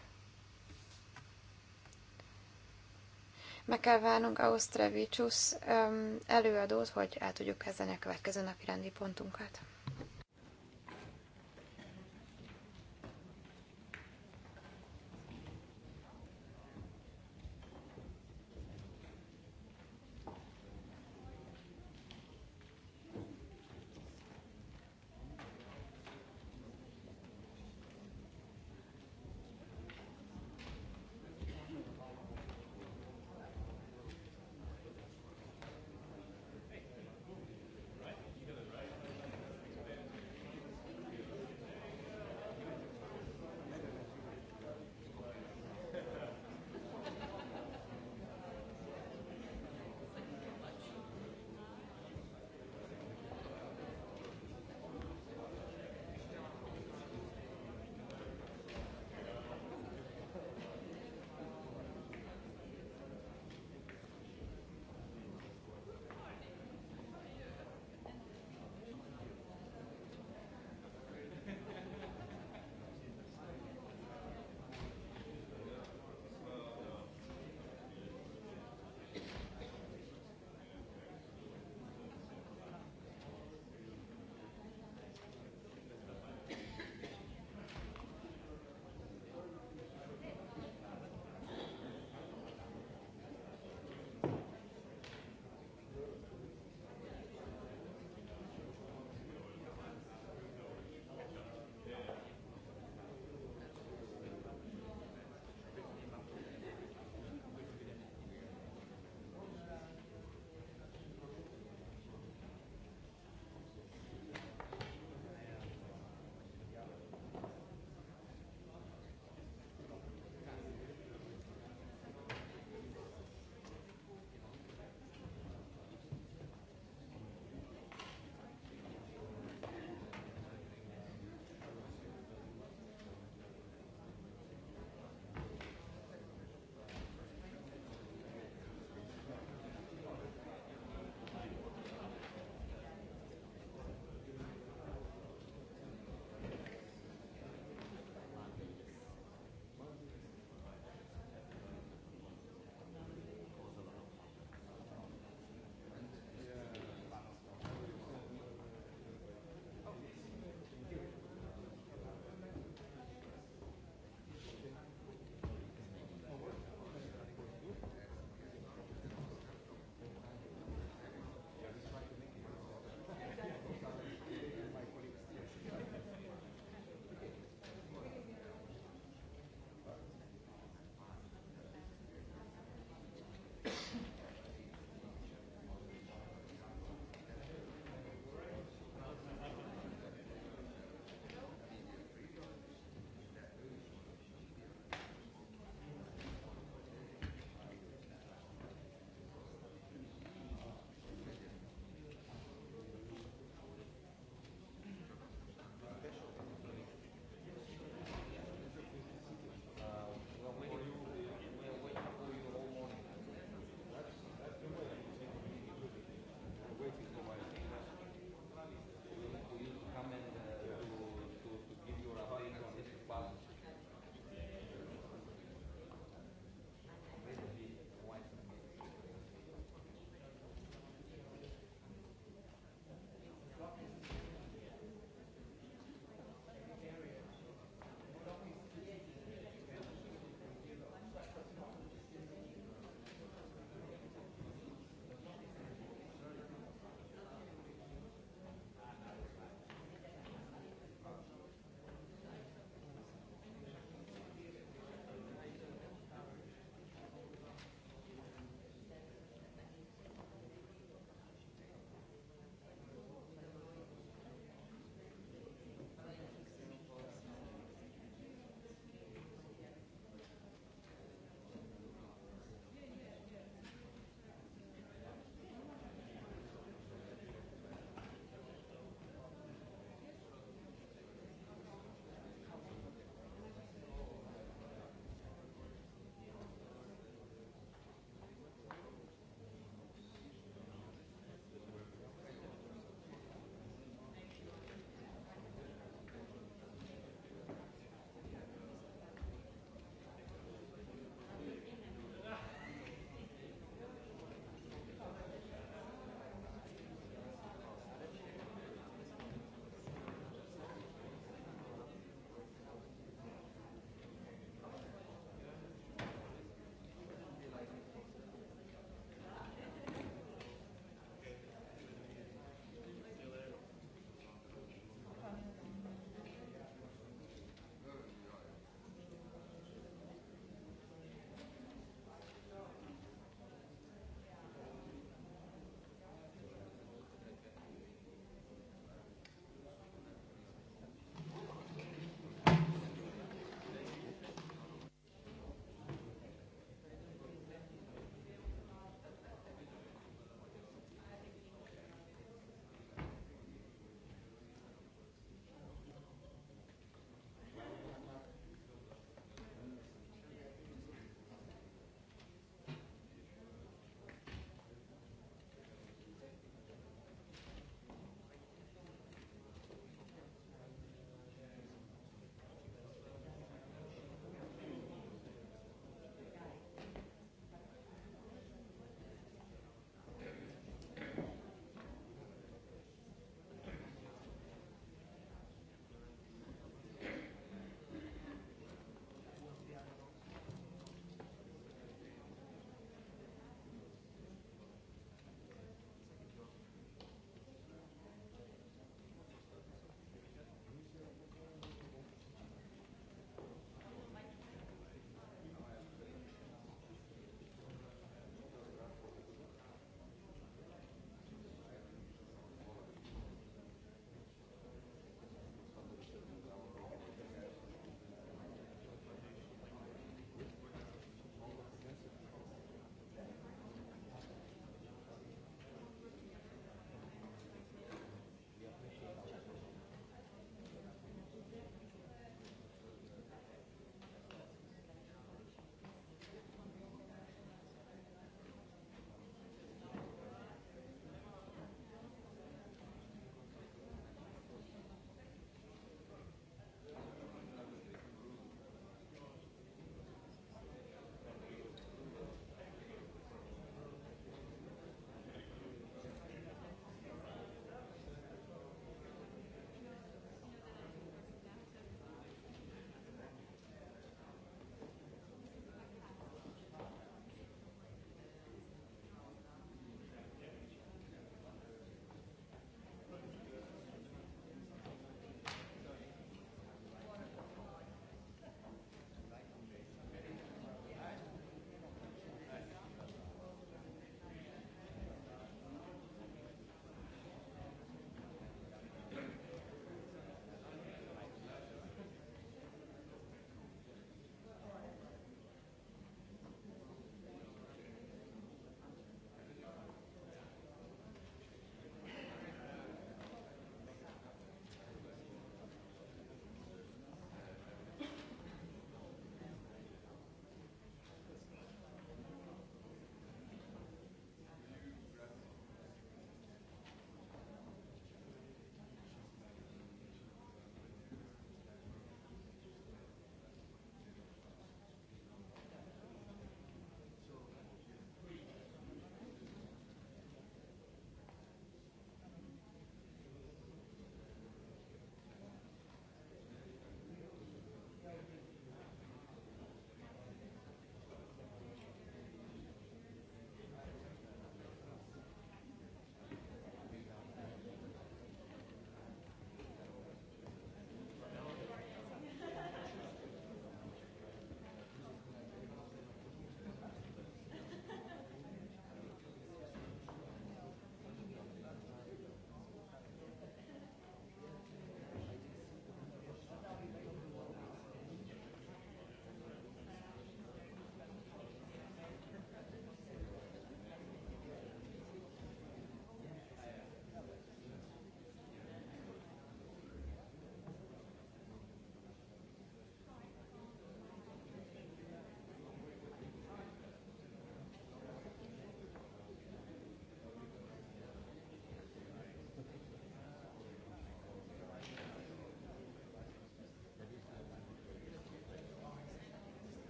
Meg kell várnunk Ausztrevicius előadót, hogy el tudjuk kezdeni a következő napi rendi pontunkat.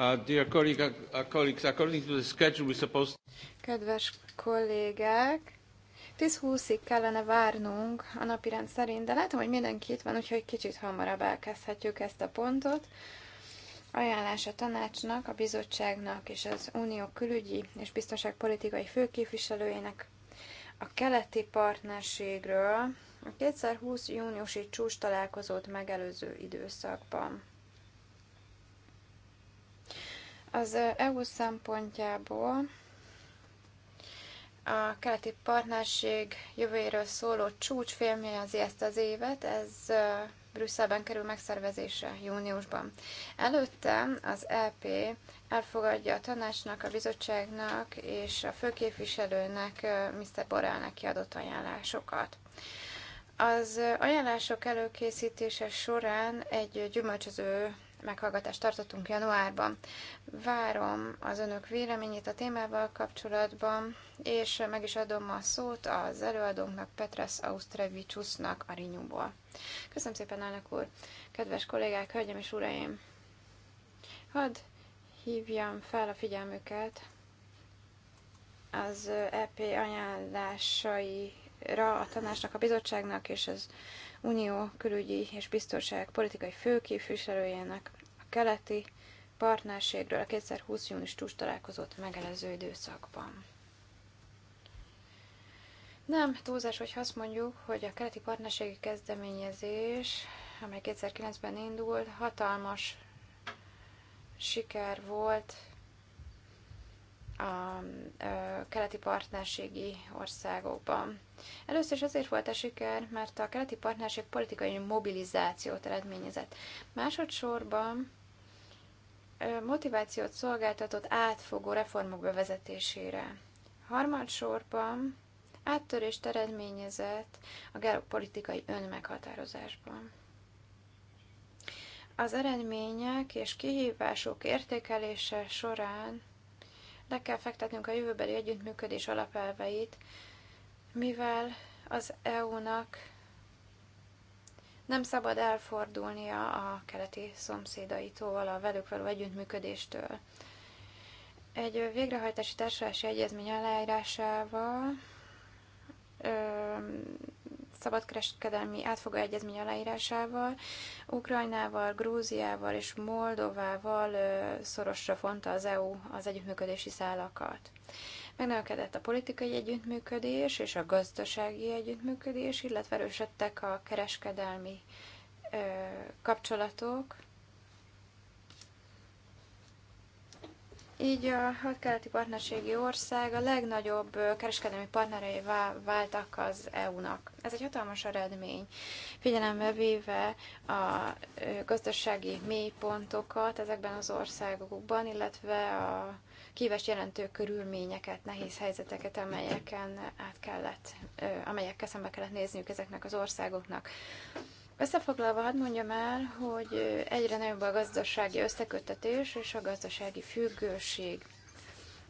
Uh, uh, uh, Kedves kollégák, 10-20-ig kellene várnunk a rend szerint, de látom, hogy mindenki itt van, úgyhogy kicsit hamarabb elkezdhetjük ezt a pontot. Ajánlás a tanácsnak, a bizottságnak és az Unió külügyi és biztonságpolitikai főképviselőjének a keleti partnerségről a 2020. júniusi csúcs találkozót megelőző időszakban. Az EU szempontjából a keleti partnerség jövőjéről szóló csúcs félmélyezi ezt az évet, ez Brüsszelben kerül megszervezésre júniusban. Előtte az EP elfogadja a tanácsnak, a bizottságnak és a főképviselőnek, Mr. Borrellnek kiadott ajánlásokat. Az ajánlások előkészítése során egy gyümölcsöző meghallgatást tartottunk januárban. Várom az önök véleményét a témával kapcsolatban, és meg is adom a szót az előadónknak, Petras Austreviciusnak a Rinyúból. Köszönöm szépen, elnök úr! Kedves kollégák, hölgyem és uraim! Hadd hívjam fel a figyelmüket az EP ajánlásaira a tanácsnak, a bizottságnak és az Unió külügyi és biztonság politikai főképviselőjének a keleti partnerségről a 2020. június túls találkozott megelező időszakban. Nem túlzás, hogy azt mondjuk, hogy a keleti partnerségi kezdeményezés, amely 2009-ben indult, hatalmas siker volt, a keleti partnerségi országokban. Először is azért volt a siker, mert a keleti partnerség politikai mobilizációt eredményezett. Másodszorban motivációt szolgáltatott átfogó reformok bevezetésére. Harmadsorban áttörést eredményezett a geopolitikai önmeghatározásban. Az eredmények és kihívások értékelése során le kell fektetnünk a jövőbeli együttműködés alapelveit, mivel az EU-nak nem szabad elfordulnia a keleti szomszédaitól, a velük való együttműködéstől. Egy végrehajtási társadalási egyezmény aláírásával szabadkereskedelmi átfogó egyezmény aláírásával, Ukrajnával, Grúziával és Moldovával szorosra fonta az EU az együttműködési szálakat. Megnövekedett a politikai együttműködés és a gazdasági együttműködés, illetve erősödtek a kereskedelmi kapcsolatok, Így a hat-keleti partnerségi ország a legnagyobb kereskedelmi partnerei váltak az EU-nak. Ez egy hatalmas eredmény. Figyelembe véve a gazdasági mélypontokat ezekben az országokban, illetve a kíves jelentő körülményeket, nehéz helyzeteket, amelyeken át kellett, amelyekkel szembe kellett nézniük ezeknek az országoknak. Összefoglalva hadd mondjam el, hogy egyre nagyobb a gazdasági összeköttetés és a gazdasági függőség.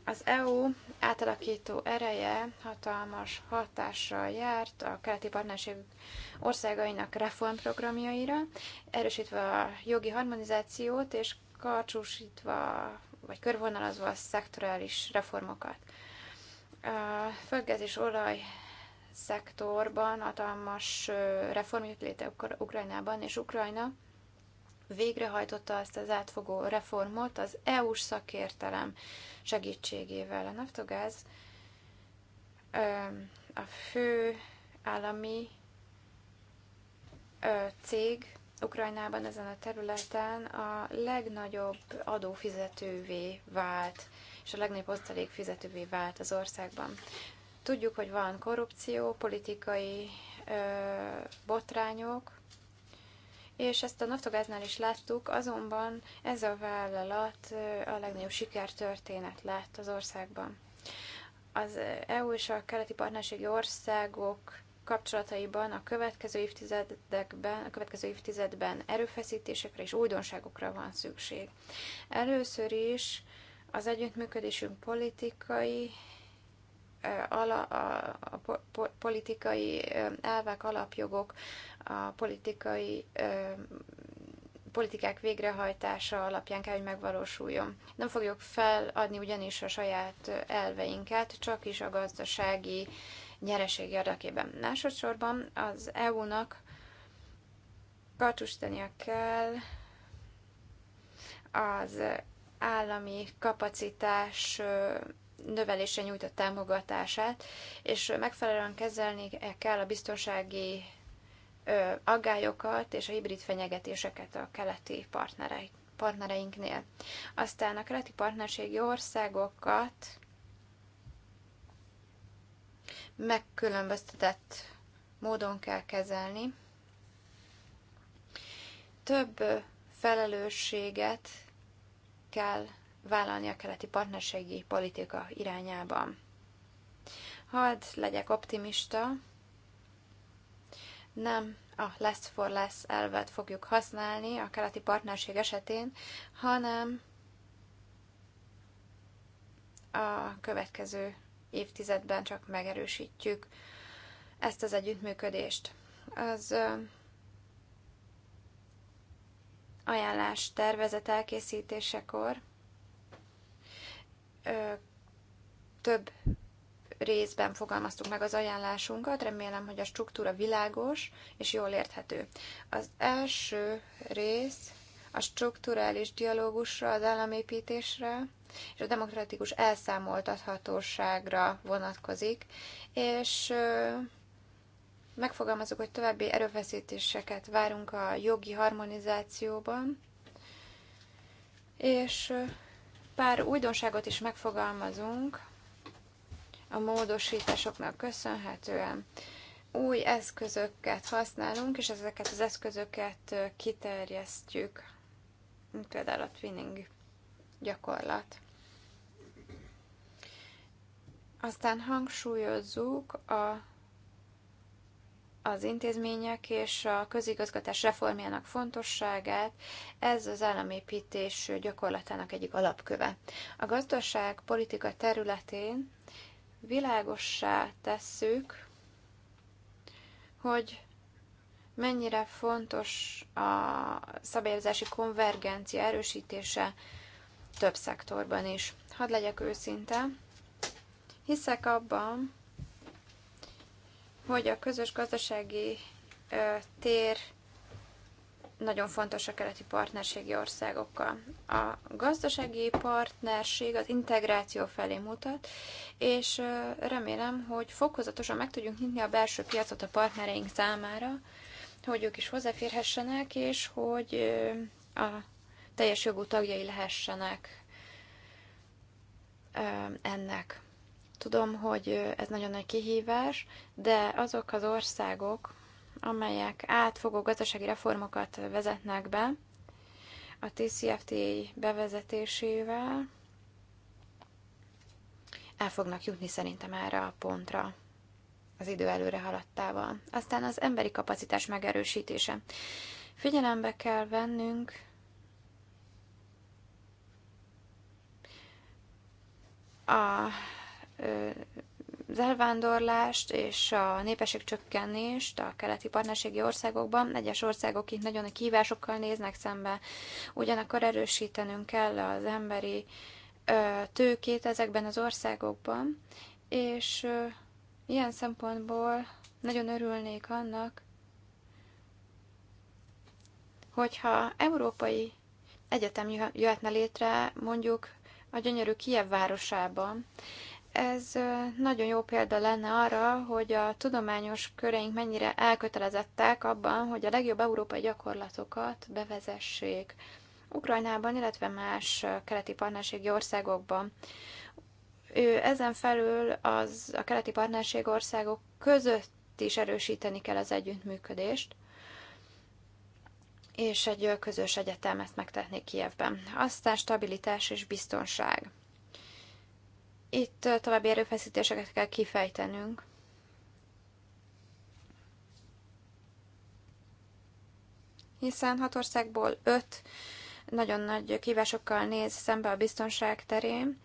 Az EU átalakító ereje hatalmas hatással járt a keleti partnerség országainak reformprogramjaira, erősítve a jogi harmonizációt és karcsúsítva vagy körvonalazva a szektorális reformokat. A földgáz és olaj szektorban hatalmas reform jött léte Ukrajnában, és Ukrajna végrehajtotta ezt az átfogó reformot az EU-s szakértelem segítségével. A naftogáz a fő állami cég Ukrajnában ezen a területen a legnagyobb adófizetővé vált, és a legnagyobb osztalék fizetővé vált az országban. Tudjuk, hogy van korrupció, politikai ö, botrányok, és ezt a Naftogáznál is láttuk, azonban ez a vállalat a legnagyobb sikertörténet lett az országban. Az EU és a keleti partnerségi országok kapcsolataiban a következő évtizedekben, a következő évtizedben erőfeszítésekre és újdonságokra van szükség. Először is az együttműködésünk politikai ala, a, a politikai elvek, alapjogok, a politikai politikák végrehajtása alapján kell, hogy megvalósuljon. Nem fogjuk feladni ugyanis a saját elveinket, csak is a gazdasági nyereség érdekében. Másodszorban az EU-nak kartustania kell az állami kapacitás növelésre nyújtott támogatását, és megfelelően kezelni kell a biztonsági aggályokat és a hibrid fenyegetéseket a keleti partnereit partnereinknél. Aztán a keleti partnerségi országokat megkülönböztetett módon kell kezelni. Több felelősséget kell vállalni a keleti partnerségi politika irányában. Hadd legyek optimista, nem a less for less elvet fogjuk használni a keleti partnerség esetén, hanem a következő évtizedben csak megerősítjük ezt az együttműködést. Az ajánlás tervezet elkészítésekor több részben fogalmaztuk meg az ajánlásunkat, remélem, hogy a struktúra világos és jól érthető. Az első rész a strukturális dialógusra, az államépítésre és a demokratikus elszámoltathatóságra vonatkozik, és megfogalmazok, hogy további erőfeszítéseket várunk a jogi harmonizációban, és pár újdonságot is megfogalmazunk a módosításoknak köszönhetően. Új eszközöket használunk, és ezeket az eszközöket kiterjesztjük. Például a twinning gyakorlat. Aztán hangsúlyozzuk a az intézmények és a közigazgatás reformjának fontosságát, ez az államépítés gyakorlatának egyik alapköve. A gazdaság politika területén világossá tesszük, hogy mennyire fontos a szabályozási konvergencia erősítése több szektorban is. Hadd legyek őszinte, hiszek abban, hogy a közös gazdasági tér nagyon fontos a keleti partnerségi országokkal. A gazdasági partnerség az integráció felé mutat, és remélem, hogy fokozatosan meg tudjunk nyitni a belső piacot a partnereink számára, hogy ők is hozzáférhessenek, és hogy a teljes jogú tagjai lehessenek ennek. Tudom, hogy ez nagyon nagy kihívás, de azok az országok, amelyek átfogó gazdasági reformokat vezetnek be a TCFT bevezetésével, el fognak jutni szerintem erre a pontra az idő előre haladtával. Aztán az emberi kapacitás megerősítése. Figyelembe kell vennünk a az elvándorlást és a csökkenést a keleti partnerségi országokban. Egyes országok itt nagyon a kívásokkal néznek szembe, ugyanakkor erősítenünk kell az emberi tőkét ezekben az országokban, és ilyen szempontból nagyon örülnék annak, hogyha európai egyetem jöhetne létre mondjuk a gyönyörű Kiev városában, ez nagyon jó példa lenne arra, hogy a tudományos köreink mennyire elkötelezettek abban, hogy a legjobb európai gyakorlatokat bevezessék Ukrajnában, illetve más keleti partnerségi országokban. Ő ezen felül az a keleti partnerség országok között is erősíteni kell az együttműködést, és egy közös egyetemet megtetni Kievben. Aztán stabilitás és biztonság. Itt további erőfeszítéseket kell kifejtenünk. Hiszen hat országból öt nagyon nagy kívásokkal néz szembe a biztonság terén.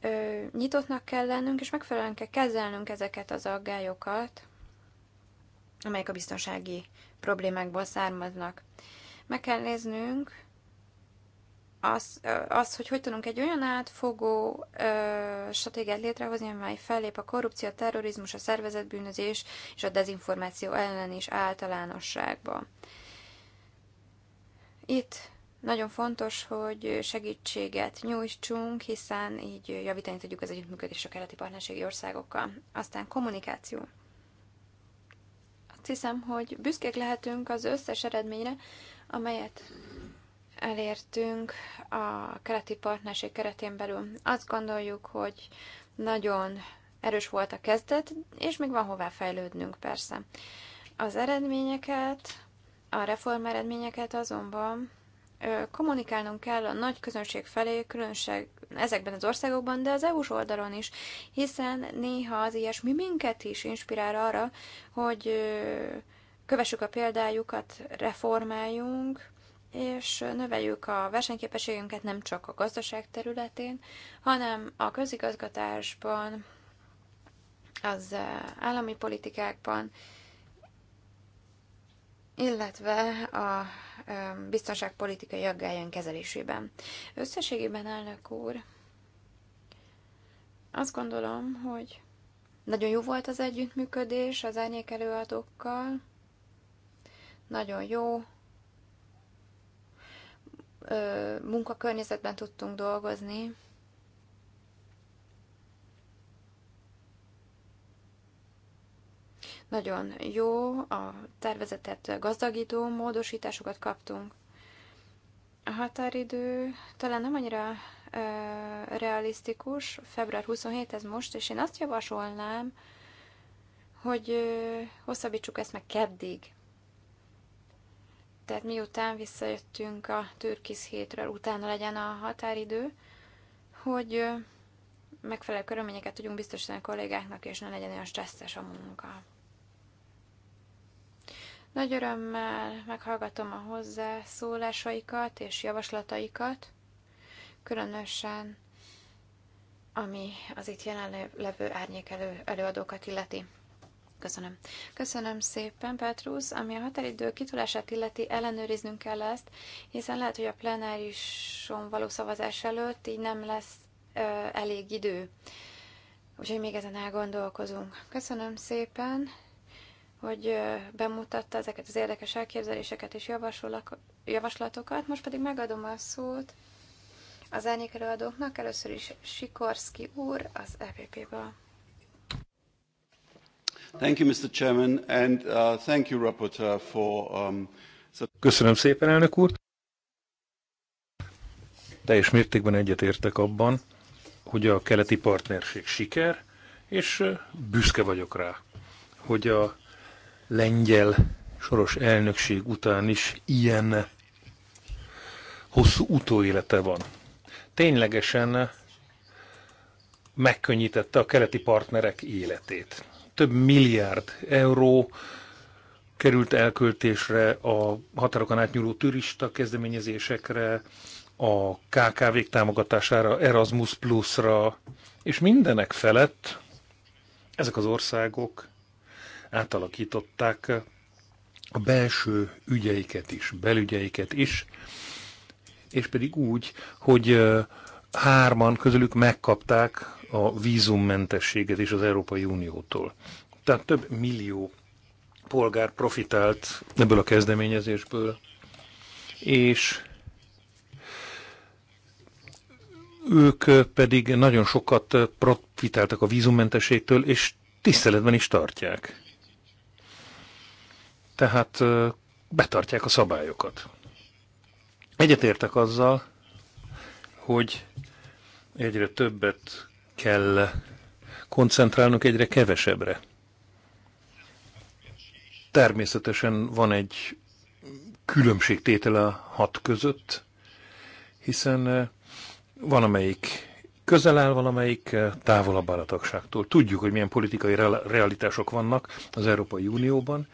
Ö, nyitottnak kell lennünk, és megfelelően kell kezelnünk ezeket az aggályokat, amelyek a biztonsági problémákból származnak. Meg kell néznünk, az, az, hogy hogy tudunk egy olyan átfogó ö, stratégiát létrehozni, amely fellép a korrupció, a terrorizmus, a szervezetbűnözés és a dezinformáció ellen is általánosságban. Itt nagyon fontos, hogy segítséget nyújtsunk, hiszen így javítani tudjuk az együttműködést a keleti partnerségi országokkal. Aztán kommunikáció. Azt hiszem, hogy büszkék lehetünk az összes eredményre, amelyet elértünk a keleti partnerség keretén belül. Azt gondoljuk, hogy nagyon erős volt a kezdet, és még van hová fejlődnünk persze. Az eredményeket, a reform eredményeket azonban kommunikálnunk kell a nagy közönség felé, különösen ezekben az országokban, de az EU-s oldalon is, hiszen néha az ilyesmi minket is inspirál arra, hogy kövessük a példájukat, reformáljunk, és növeljük a versenyképességünket nem csak a gazdaság területén, hanem a közigazgatásban, az eh, állami politikákban, illetve a eh, biztonságpolitikai aggályon kezelésében. Összességében, elnök úr, azt gondolom, hogy nagyon jó volt az együttműködés az árnyék előadókkal, nagyon jó munkakörnyezetben tudtunk dolgozni. Nagyon jó, a tervezetet gazdagító módosításokat kaptunk. A határidő talán nem annyira ö, realisztikus, február 27 ez most, és én azt javasolnám, hogy ö, hosszabbítsuk ezt meg keddig tehát miután visszajöttünk a türkisz hétről, utána legyen a határidő, hogy megfelelő körülményeket tudjunk biztosítani a kollégáknak, és ne legyen olyan stresszes a munka. Nagy örömmel meghallgatom a hozzászólásaikat és javaslataikat, különösen ami az itt jelenlevő árnyékelő előadókat illeti. Köszönöm. Köszönöm szépen, Petrus. Ami a határidő kitolását illeti, ellenőriznünk kell ezt, hiszen lehet, hogy a plenárison való szavazás előtt így nem lesz ö, elég idő. Úgyhogy még ezen elgondolkozunk. Köszönöm szépen, hogy bemutatta ezeket az érdekes elképzeléseket és javaslatokat. Most pedig megadom a szót az árnyékelőadóknak. Először is Sikorszki úr az EPP-ből. Uh, um, Köszönöm szépen, elnök úr. Teljes mértékben egyetértek abban, hogy a keleti partnerség siker, és büszke vagyok rá, hogy a lengyel soros elnökség után is ilyen hosszú utóélete van. Ténylegesen megkönnyítette a keleti partnerek életét több milliárd euró került elköltésre a határokon átnyúló turista kezdeményezésekre, a KKV-k támogatására, Erasmus Plus-ra, és mindenek felett ezek az országok átalakították a belső ügyeiket is, belügyeiket is, és pedig úgy, hogy hárman közülük megkapták a vízummentességet is az Európai Uniótól. Tehát több millió polgár profitált ebből a kezdeményezésből, és ők pedig nagyon sokat profitáltak a vízummentességtől, és tiszteletben is tartják. Tehát betartják a szabályokat. Egyetértek azzal, hogy egyre többet kell koncentrálnunk egyre kevesebbre. Természetesen van egy különbségtétele a hat között, hiszen eh, van, amelyik közel áll, valamelyik eh, távolabb áll a tagságtól. Tudjuk, hogy milyen politikai realitások vannak az Európai Unióban,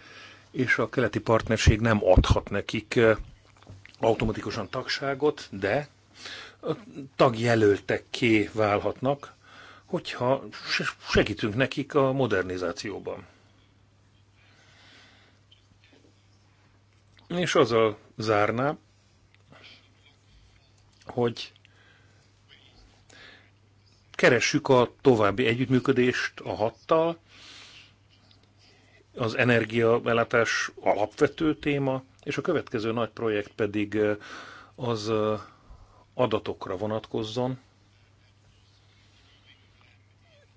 és a keleti partnerség nem adhat nekik eh, automatikusan tagságot, de tagjelöltek tagjelöltekké válhatnak, hogyha segítünk nekik a modernizációban. És az a zárná, hogy keressük a további együttműködést a hattal, az energiaellátás alapvető téma, és a következő nagy projekt pedig az adatokra vonatkozzon,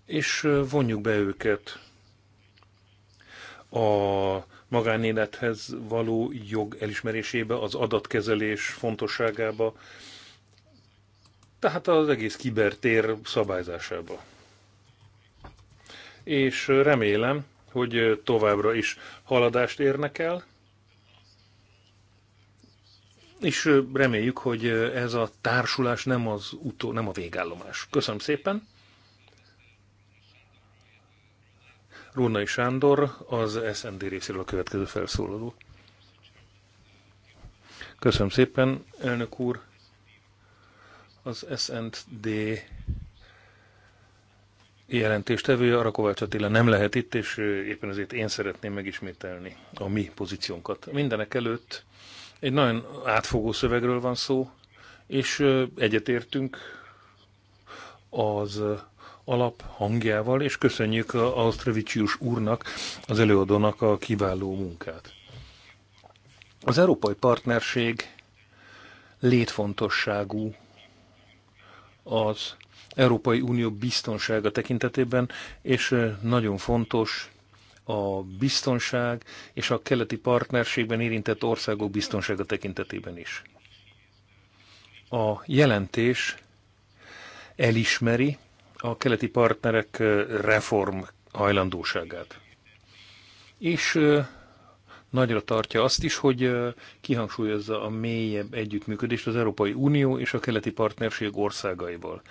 és vonjuk be őket a magánélethez való jog elismerésébe, az adatkezelés fontosságába, tehát az egész kibertér szabályzásába. És remélem, hogy továbbra is haladást érnek el, és reméljük, hogy ez a társulás nem az utó, nem a végállomás. Köszönöm szépen! Rónai Sándor, az SND részéről a következő felszólaló. Köszönöm szépen, elnök úr! Az SND jelentéstevője, arra Kovács Attila nem lehet itt, és éppen ezért én szeretném megismételni a mi pozíciónkat. Mindenek előtt egy nagyon átfogó szövegről van szó, és egyetértünk az alap hangjával, és köszönjük Ausztravicius úrnak, az előadónak a kiváló munkát. Az Európai Partnerség létfontosságú az Európai Unió biztonsága tekintetében, és nagyon fontos a biztonság és a keleti partnerségben érintett országok biztonsága tekintetében is. A jelentés elismeri a keleti partnerek reform hajlandóságát. És nagyra tartja azt is, hogy kihangsúlyozza a mélyebb együttműködést az Európai Unió és a keleti partnerség országaival.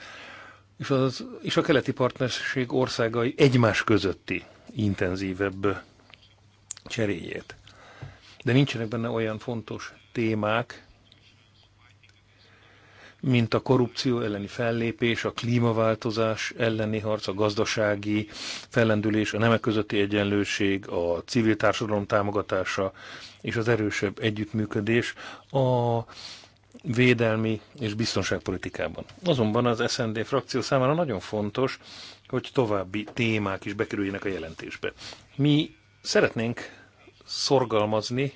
És, az, és a keleti partnerség országai egymás közötti intenzívebb cseréjét. De nincsenek benne olyan fontos témák, mint a korrupció elleni fellépés, a klímaváltozás elleni harc, a gazdasági fellendülés, a nemek közötti egyenlőség, a civil társadalom támogatása és az erősebb együttműködés a védelmi és biztonságpolitikában. Azonban az SND frakció számára nagyon fontos, hogy további témák is bekerüljenek a jelentésbe. Mi szeretnénk szorgalmazni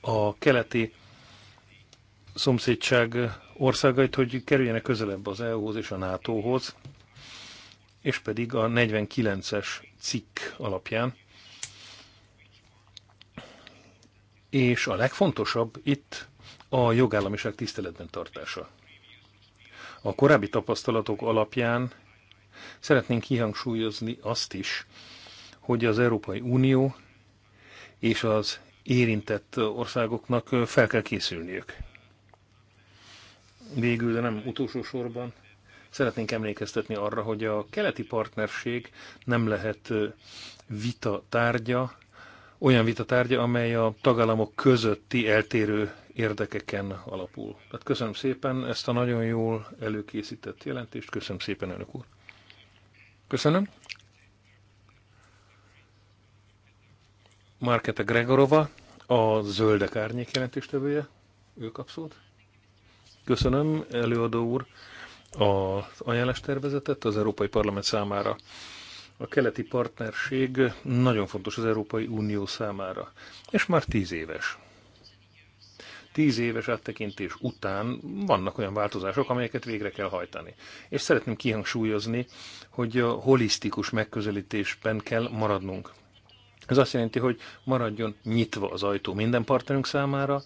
a keleti szomszédság országait, hogy kerüljenek közelebb az EU-hoz és a NATO-hoz, és pedig a 49-es cikk alapján. És a legfontosabb itt a jogállamiság tiszteletben tartása. A korábbi tapasztalatok alapján Szeretnénk kihangsúlyozni azt is, hogy az Európai Unió és az érintett országoknak fel kell készülniük. Végül, de nem utolsó sorban, szeretnénk emlékeztetni arra, hogy a keleti partnerség nem lehet vita tárgya, olyan vita tárgya, amely a tagállamok közötti eltérő érdekeken alapul. Tehát köszönöm szépen ezt a nagyon jól előkészített jelentést, köszönöm szépen, önök úr! Köszönöm. Markete Gregorova, a Zöldek Árnyék jelentéstevője. Ő kap szót. Köszönöm, előadó úr, az tervezetet az Európai Parlament számára. A keleti partnerség nagyon fontos az Európai Unió számára, és már tíz éves tíz éves áttekintés után vannak olyan változások, amelyeket végre kell hajtani. És szeretném kihangsúlyozni, hogy a holisztikus megközelítésben kell maradnunk. Ez azt jelenti, hogy maradjon nyitva az ajtó minden partnerünk számára,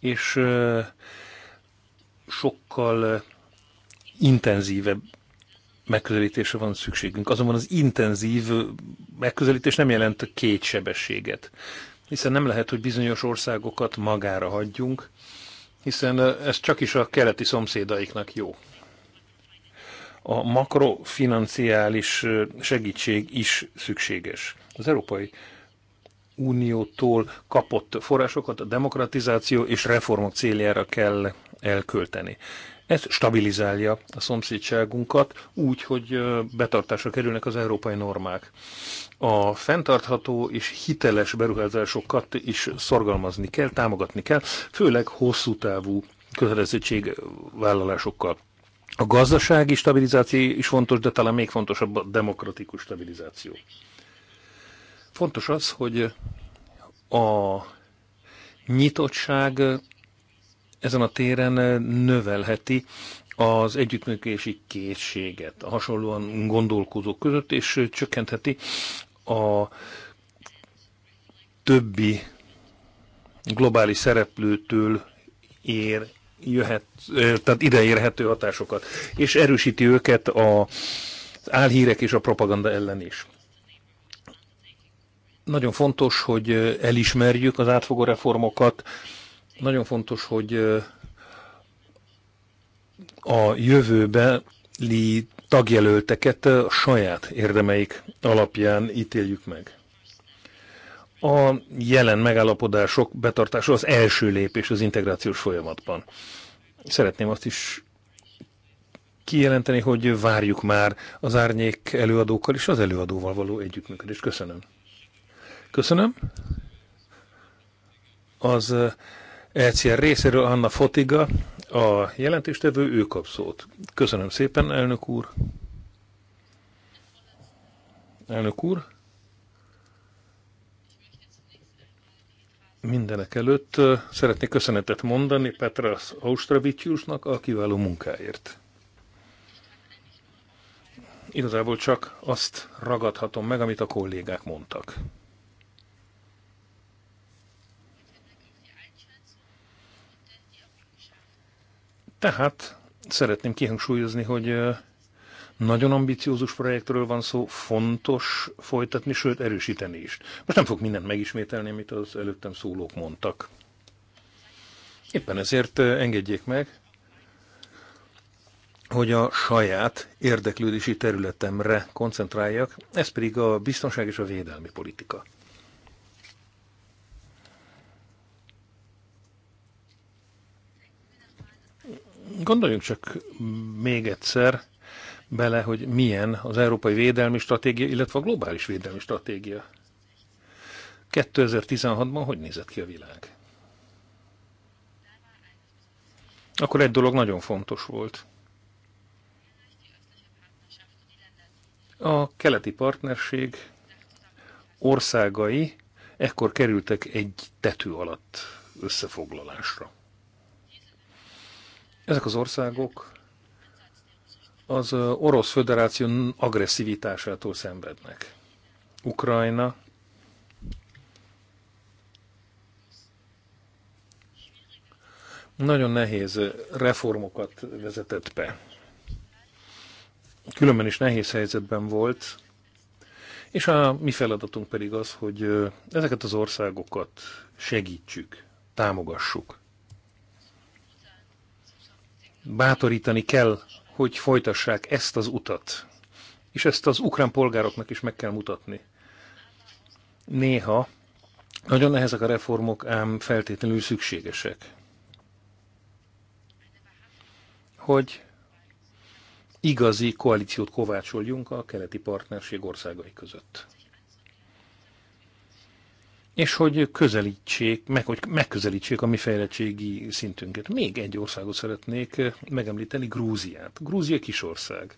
és sokkal intenzívebb megközelítésre van szükségünk. Azonban az intenzív megközelítés nem jelent kétsebességet hiszen nem lehet, hogy bizonyos országokat magára hagyjunk, hiszen ez csak is a keleti szomszédaiknak jó. A makrofinanciális segítség is szükséges. Az Európai Uniótól kapott forrásokat a demokratizáció és reformok céljára kell elkölteni. Ez stabilizálja a szomszédságunkat úgy, hogy betartásra kerülnek az európai normák. A fenntartható és hiteles beruházásokat is szorgalmazni kell, támogatni kell, főleg hosszú távú kötelezettségvállalásokkal. A gazdasági stabilizáció is fontos, de talán még fontosabb a demokratikus stabilizáció. Fontos az, hogy a nyitottság ezen a téren növelheti az együttműködési készséget a hasonlóan gondolkozók között, és csökkentheti a többi globális szereplőtől ér, jöhet, tehát ideérhető hatásokat, és erősíti őket a, az álhírek és a propaganda ellen is. Nagyon fontos, hogy elismerjük az átfogó reformokat, nagyon fontos, hogy a jövőbe li tagjelölteket a saját érdemeik alapján ítéljük meg. A jelen megállapodások betartása az első lépés az integrációs folyamatban. Szeretném azt is kijelenteni, hogy várjuk már az árnyék előadókkal és az előadóval való együttműködést. Köszönöm. Köszönöm. Az ECR részéről Anna Fotiga, a jelentéstevő, ő kap szót. Köszönöm szépen, elnök úr. Elnök úr. Mindenek előtt szeretnék köszönetet mondani Petras Austraviciusnak a kiváló munkáért. Igazából csak azt ragadhatom meg, amit a kollégák mondtak. Tehát szeretném kihangsúlyozni, hogy nagyon ambiciózus projektről van szó, fontos folytatni, sőt erősíteni is. Most nem fog mindent megismételni, amit az előttem szólók mondtak. Éppen ezért engedjék meg, hogy a saját érdeklődési területemre koncentráljak, ez pedig a biztonság és a védelmi politika. Gondoljunk csak még egyszer bele, hogy milyen az európai védelmi stratégia, illetve a globális védelmi stratégia. 2016-ban hogy nézett ki a világ? Akkor egy dolog nagyon fontos volt. A keleti partnerség országai ekkor kerültek egy tető alatt összefoglalásra. Ezek az országok az Orosz Föderáció agresszivitásától szenvednek. Ukrajna, nagyon nehéz reformokat vezetett be. Különben is nehéz helyzetben volt, és a mi feladatunk pedig az, hogy ezeket az országokat segítsük, támogassuk bátorítani kell, hogy folytassák ezt az utat. És ezt az ukrán polgároknak is meg kell mutatni. Néha nagyon nehezek a reformok, ám feltétlenül szükségesek. Hogy igazi koalíciót kovácsoljunk a keleti partnerség országai között és hogy közelítsék, meg, hogy megközelítsék a mi fejlettségi szintünket. Még egy országot szeretnék eh, megemlíteni, Grúziát. Grúzia ország.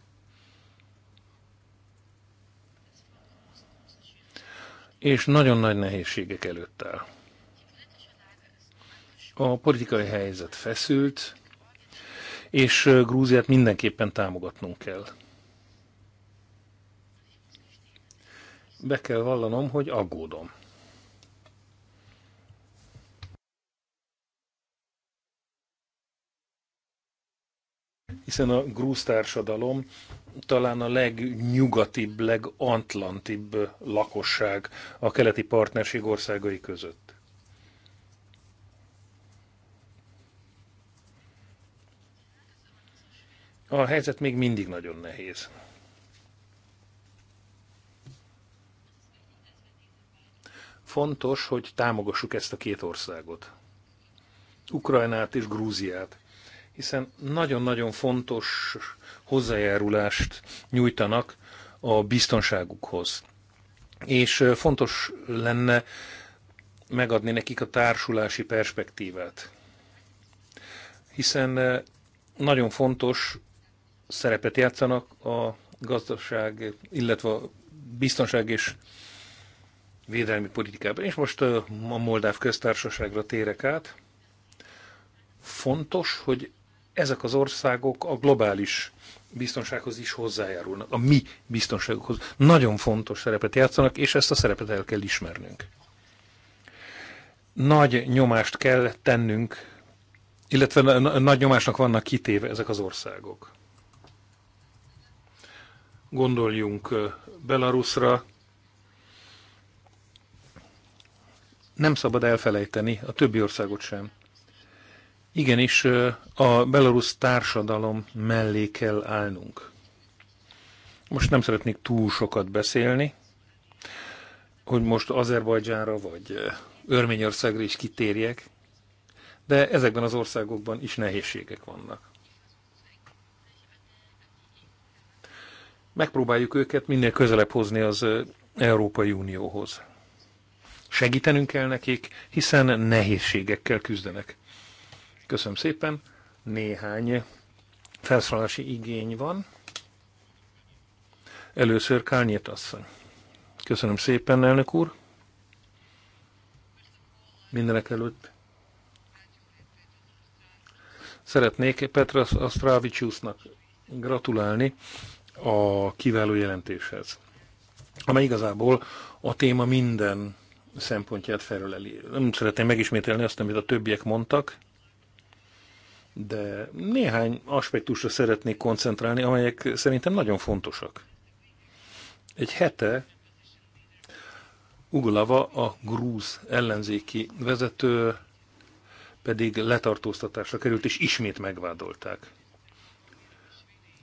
És nagyon nagy nehézségek előtt áll. A politikai helyzet feszült, és eh, Grúziát mindenképpen támogatnunk kell. Be kell vallanom, hogy aggódom hiszen a grúz társadalom talán a legnyugatibb, legantlantibb lakosság a keleti partnerség országai között. A helyzet még mindig nagyon nehéz. Fontos, hogy támogassuk ezt a két országot. Ukrajnát és Grúziát hiszen nagyon-nagyon fontos hozzájárulást nyújtanak a biztonságukhoz. És fontos lenne megadni nekik a társulási perspektívát. Hiszen nagyon fontos szerepet játszanak a gazdaság, illetve a biztonság és védelmi politikában. És most a Moldáv köztársaságra térek át. Fontos, hogy ezek az országok a globális biztonsághoz is hozzájárulnak, a mi biztonságokhoz. Nagyon fontos szerepet játszanak, és ezt a szerepet el kell ismernünk. Nagy nyomást kell tennünk, illetve nagy nyomásnak vannak kitéve ezek az országok. Gondoljunk Belarusra, nem szabad elfelejteni a többi országot sem. Igenis, a belarusz társadalom mellé kell állnunk. Most nem szeretnék túl sokat beszélni, hogy most Azerbajdzsánra vagy Örményországra is kitérjek, de ezekben az országokban is nehézségek vannak. Megpróbáljuk őket minél közelebb hozni az Európai Unióhoz. Segítenünk kell nekik, hiszen nehézségekkel küzdenek. Köszönöm szépen. Néhány felszólalási igény van. Először Kányét asszony. Köszönöm szépen, elnök úr. Mindenek előtt szeretnék Petras Asztrávicsúsznak gratulálni a kiváló jelentéshez, amely igazából a téma minden szempontját felöleli. Nem szeretném megismételni azt, amit a többiek mondtak, de néhány aspektusra szeretnék koncentrálni, amelyek szerintem nagyon fontosak. Egy hete Uglava, a grúz ellenzéki vezető pedig letartóztatásra került, és ismét megvádolták.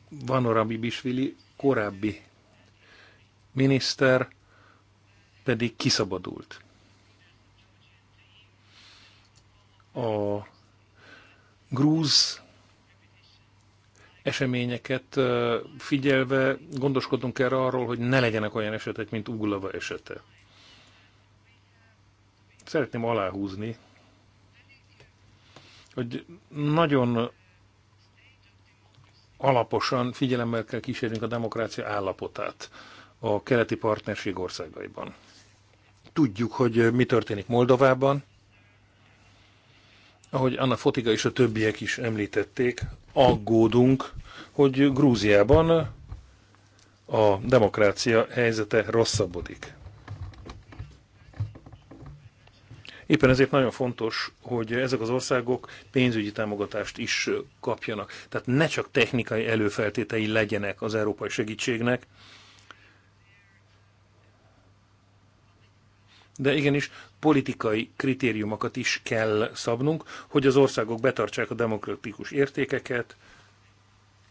Vanoram Bisvili, korábbi miniszter, pedig kiszabadult. A grúz eseményeket figyelve gondoskodnunk kell arról, hogy ne legyenek olyan esetek, mint Uglava esete. Szeretném aláhúzni, hogy nagyon alaposan figyelemmel kell kísérnünk a demokrácia állapotát a keleti partnerség országaiban. Tudjuk, hogy mi történik Moldovában, ahogy Anna Fotiga és a többiek is említették, aggódunk, hogy Grúziában a demokrácia helyzete rosszabbodik. Éppen ezért nagyon fontos, hogy ezek az országok pénzügyi támogatást is kapjanak. Tehát ne csak technikai előfeltétei legyenek az európai segítségnek, de igenis politikai kritériumokat is kell szabnunk, hogy az országok betartsák a demokratikus értékeket,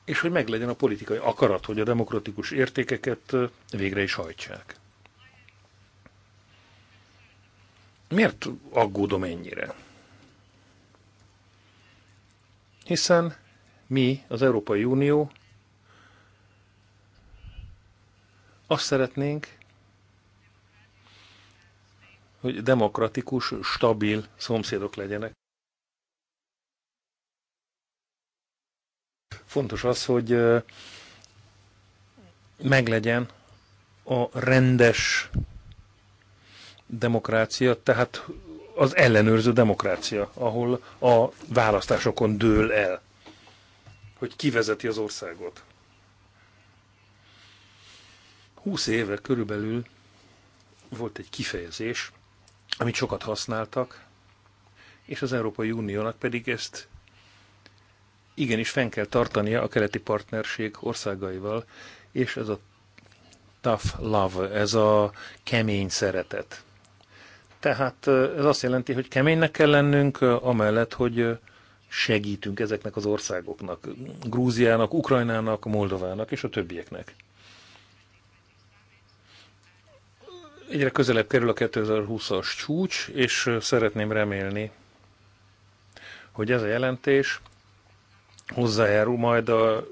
és hogy meglegyen a politikai akarat, hogy a demokratikus értékeket végre is hajtsák. Miért aggódom ennyire? Hiszen mi, az Európai Unió, azt szeretnénk, hogy demokratikus, stabil szomszédok legyenek. Fontos az, hogy meglegyen a rendes demokrácia, tehát az ellenőrző demokrácia, ahol a választásokon dől el, hogy kivezeti az országot. Húsz éve körülbelül volt egy kifejezés, amit sokat használtak, és az Európai Uniónak pedig ezt igenis fenn kell tartania a keleti partnerség országaival, és ez a tough love, ez a kemény szeretet. Tehát ez azt jelenti, hogy keménynek kell lennünk, amellett, hogy segítünk ezeknek az országoknak, Grúziának, Ukrajnának, Moldovának és a többieknek. egyre közelebb kerül a 2020-as csúcs, és szeretném remélni, hogy ez a jelentés hozzájárul majd a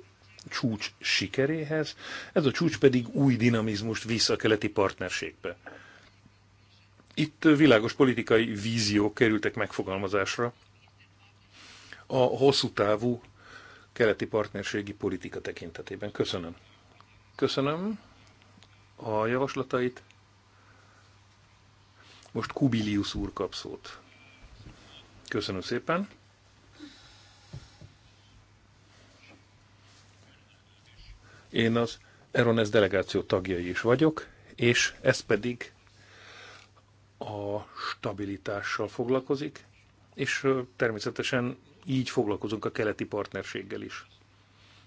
csúcs sikeréhez, ez a csúcs pedig új dinamizmust visz a keleti partnerségbe. Itt világos politikai víziók kerültek megfogalmazásra a hosszú távú keleti partnerségi politika tekintetében. Köszönöm. Köszönöm a javaslatait. Most Kubilius úr kap szót. Köszönöm szépen. Én az Erones delegáció tagjai is vagyok, és ez pedig a stabilitással foglalkozik, és természetesen így foglalkozunk a keleti partnerséggel is,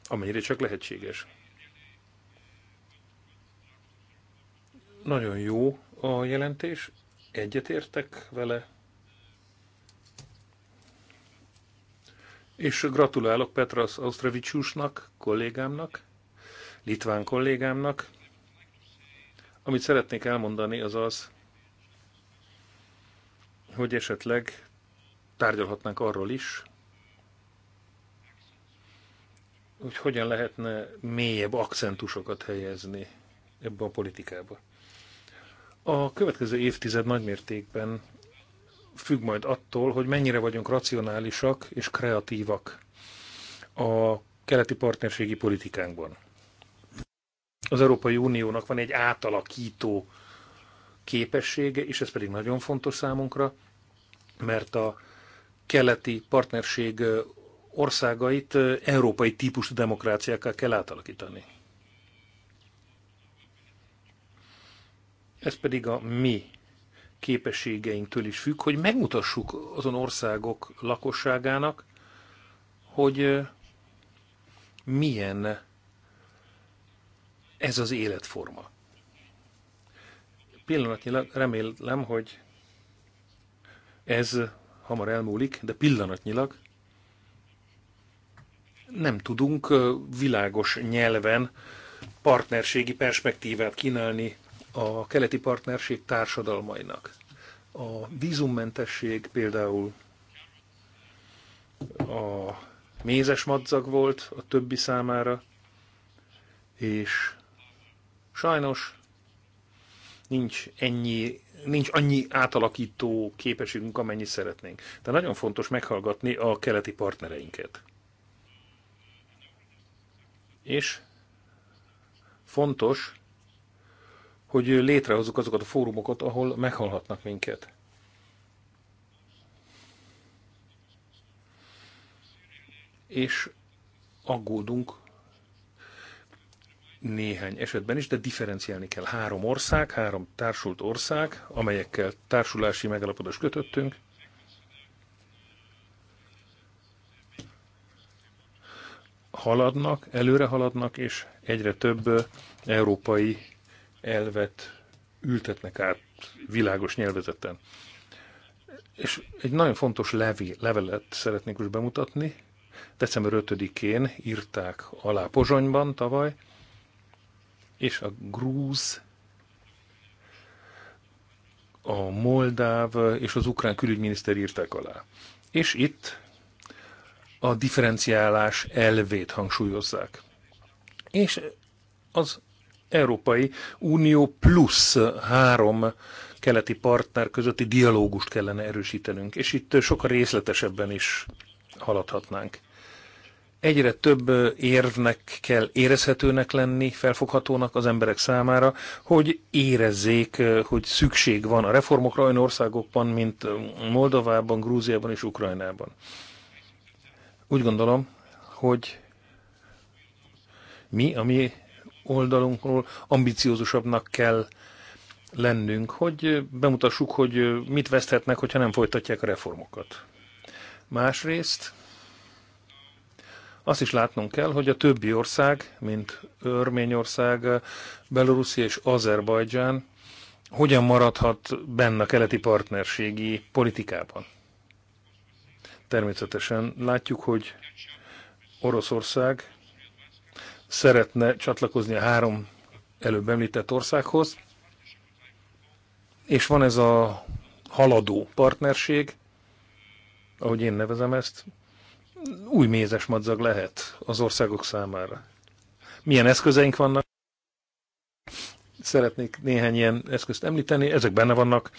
amennyire csak lehetséges. Nagyon jó a jelentés, Egyetértek vele. És gratulálok Petras Ausztravicsusnak, kollégámnak, litván kollégámnak. Amit szeretnék elmondani az az, hogy esetleg tárgyalhatnánk arról is, hogy hogyan lehetne mélyebb akcentusokat helyezni ebbe a politikába. A következő évtized nagymértékben függ majd attól, hogy mennyire vagyunk racionálisak és kreatívak a keleti partnerségi politikánkban. Az Európai Uniónak van egy átalakító képessége, és ez pedig nagyon fontos számunkra, mert a keleti partnerség országait európai típusú demokráciákkal kell átalakítani. Ez pedig a mi képességeinktől is függ, hogy megmutassuk azon országok lakosságának, hogy milyen ez az életforma. Pillanatnyilag remélem, hogy ez hamar elmúlik, de pillanatnyilag nem tudunk világos nyelven partnerségi perspektívát kínálni a keleti partnerség társadalmainak. A vízummentesség például a mézes madzag volt a többi számára, és sajnos nincs ennyi, nincs annyi átalakító képességünk, amennyi szeretnénk. De nagyon fontos meghallgatni a keleti partnereinket. És fontos hogy létrehozzuk azokat a fórumokat, ahol meghallhatnak minket. És aggódunk néhány esetben is, de differenciálni kell. Három ország, három társult ország, amelyekkel társulási megalapodást kötöttünk, haladnak, előre haladnak, és egyre több európai elvet ültetnek át világos nyelvezeten. És egy nagyon fontos levi, levelet szeretnék most bemutatni. December 5-én írták alá Pozsonyban tavaly, és a grúz, a moldáv és az ukrán külügyminiszter írták alá. És itt a differenciálás elvét hangsúlyozzák. És az Európai Unió plusz három keleti partner közötti dialógust kellene erősítenünk, és itt sokkal részletesebben is haladhatnánk. Egyre több érvnek kell érezhetőnek lenni, felfoghatónak az emberek számára, hogy érezzék, hogy szükség van a reformokra olyan országokban, mint Moldovában, Grúziában és Ukrajnában. Úgy gondolom, hogy mi, ami oldalunkról ambiciózusabbnak kell lennünk, hogy bemutassuk, hogy mit veszthetnek, hogyha nem folytatják a reformokat. Másrészt azt is látnunk kell, hogy a többi ország, mint Örményország, Belorusszia és Azerbajdzsán hogyan maradhat benne a keleti partnerségi politikában. Természetesen látjuk, hogy Oroszország szeretne csatlakozni a három előbb említett országhoz, és van ez a haladó partnerség, ahogy én nevezem ezt, új mézes madzag lehet az országok számára. Milyen eszközeink vannak? Szeretnék néhány ilyen eszközt említeni, ezek benne vannak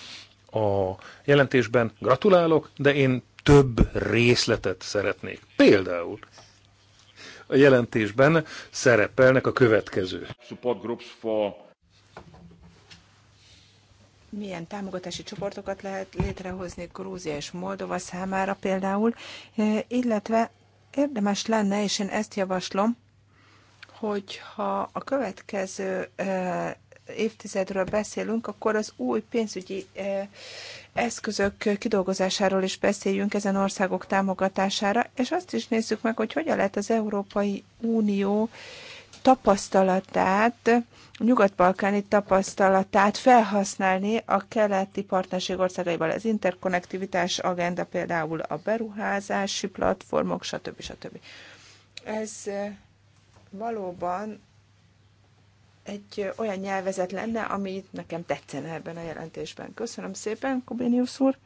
a jelentésben. Gratulálok, de én több részletet szeretnék. Például a jelentésben szerepelnek a következő. milyen támogatási csoportokat lehet létrehozni Grúzia és Moldova számára például, e, illetve érdemes lenne, és én ezt javaslom, hogyha a következő e, évtizedről beszélünk, akkor az új pénzügyi eh, eszközök kidolgozásáról is beszéljünk ezen országok támogatására, és azt is nézzük meg, hogy hogyan lehet az Európai Unió tapasztalatát, a nyugat-balkáni tapasztalatát felhasználni a keleti partnerség országaival, az interkonnektivitás agenda például a beruházási platformok, stb. stb. Ez eh, valóban egy olyan nyelvezet lenne, ami nekem tetszene ebben a jelentésben. Köszönöm szépen, Kobénius úr.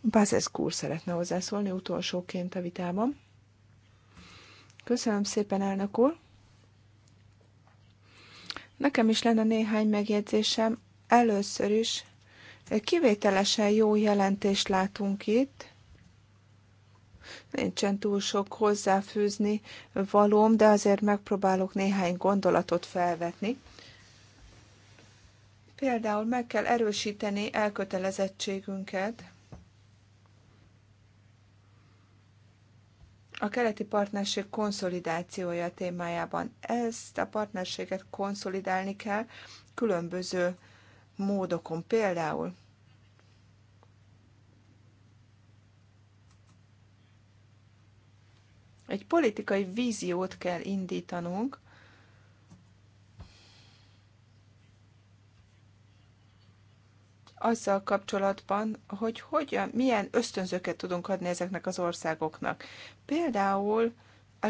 Bázeszkú úr szeretne hozzászólni utolsóként a vitában. Köszönöm szépen, elnök úr. Nekem is lenne néhány megjegyzésem. Először is kivételesen jó jelentést látunk itt. Nincsen túl sok hozzáfűzni valóm, de azért megpróbálok néhány gondolatot felvetni. Például meg kell erősíteni elkötelezettségünket a keleti partnerség konszolidációja témájában. Ezt a partnerséget konszolidálni kell különböző módokon. Például Egy politikai víziót kell indítanunk, azzal kapcsolatban, hogy hogyan, milyen ösztönzőket tudunk adni ezeknek az országoknak. Például a,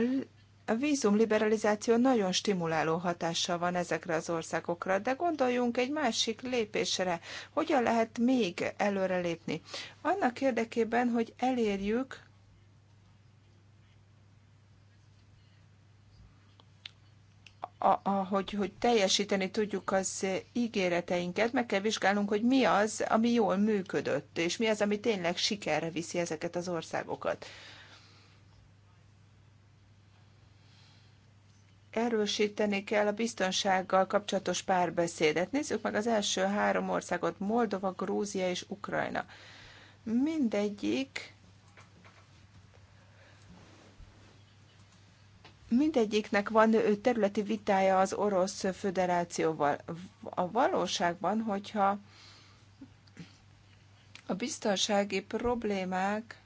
a vízum liberalizáció nagyon stimuláló hatással van ezekre az országokra, de gondoljunk egy másik lépésre, hogyan lehet még előrelépni. Annak érdekében, hogy elérjük a, hogy, hogy teljesíteni tudjuk az ígéreteinket, meg kell vizsgálnunk, hogy mi az, ami jól működött, és mi az, ami tényleg sikerre viszi ezeket az országokat. Erősíteni kell a biztonsággal kapcsolatos párbeszédet. Nézzük meg az első három országot, Moldova, Grúzia és Ukrajna. Mindegyik mindegyiknek van területi vitája az Orosz Föderációval. A valóságban, hogyha a biztonsági problémák,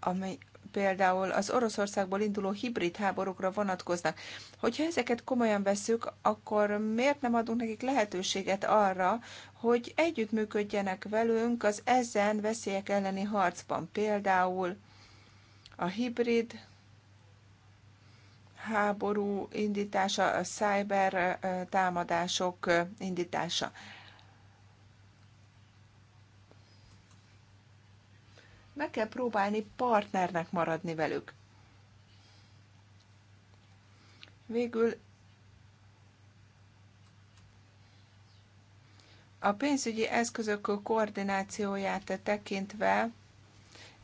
amely például az Oroszországból induló hibrid háborúkra vonatkoznak. Hogyha ezeket komolyan veszük, akkor miért nem adunk nekik lehetőséget arra, hogy együttműködjenek velünk az ezen veszélyek elleni harcban például, a hibrid háború indítása, a cyber támadások indítása. Meg kell próbálni partnernek maradni velük. Végül a pénzügyi eszközök koordinációját tekintve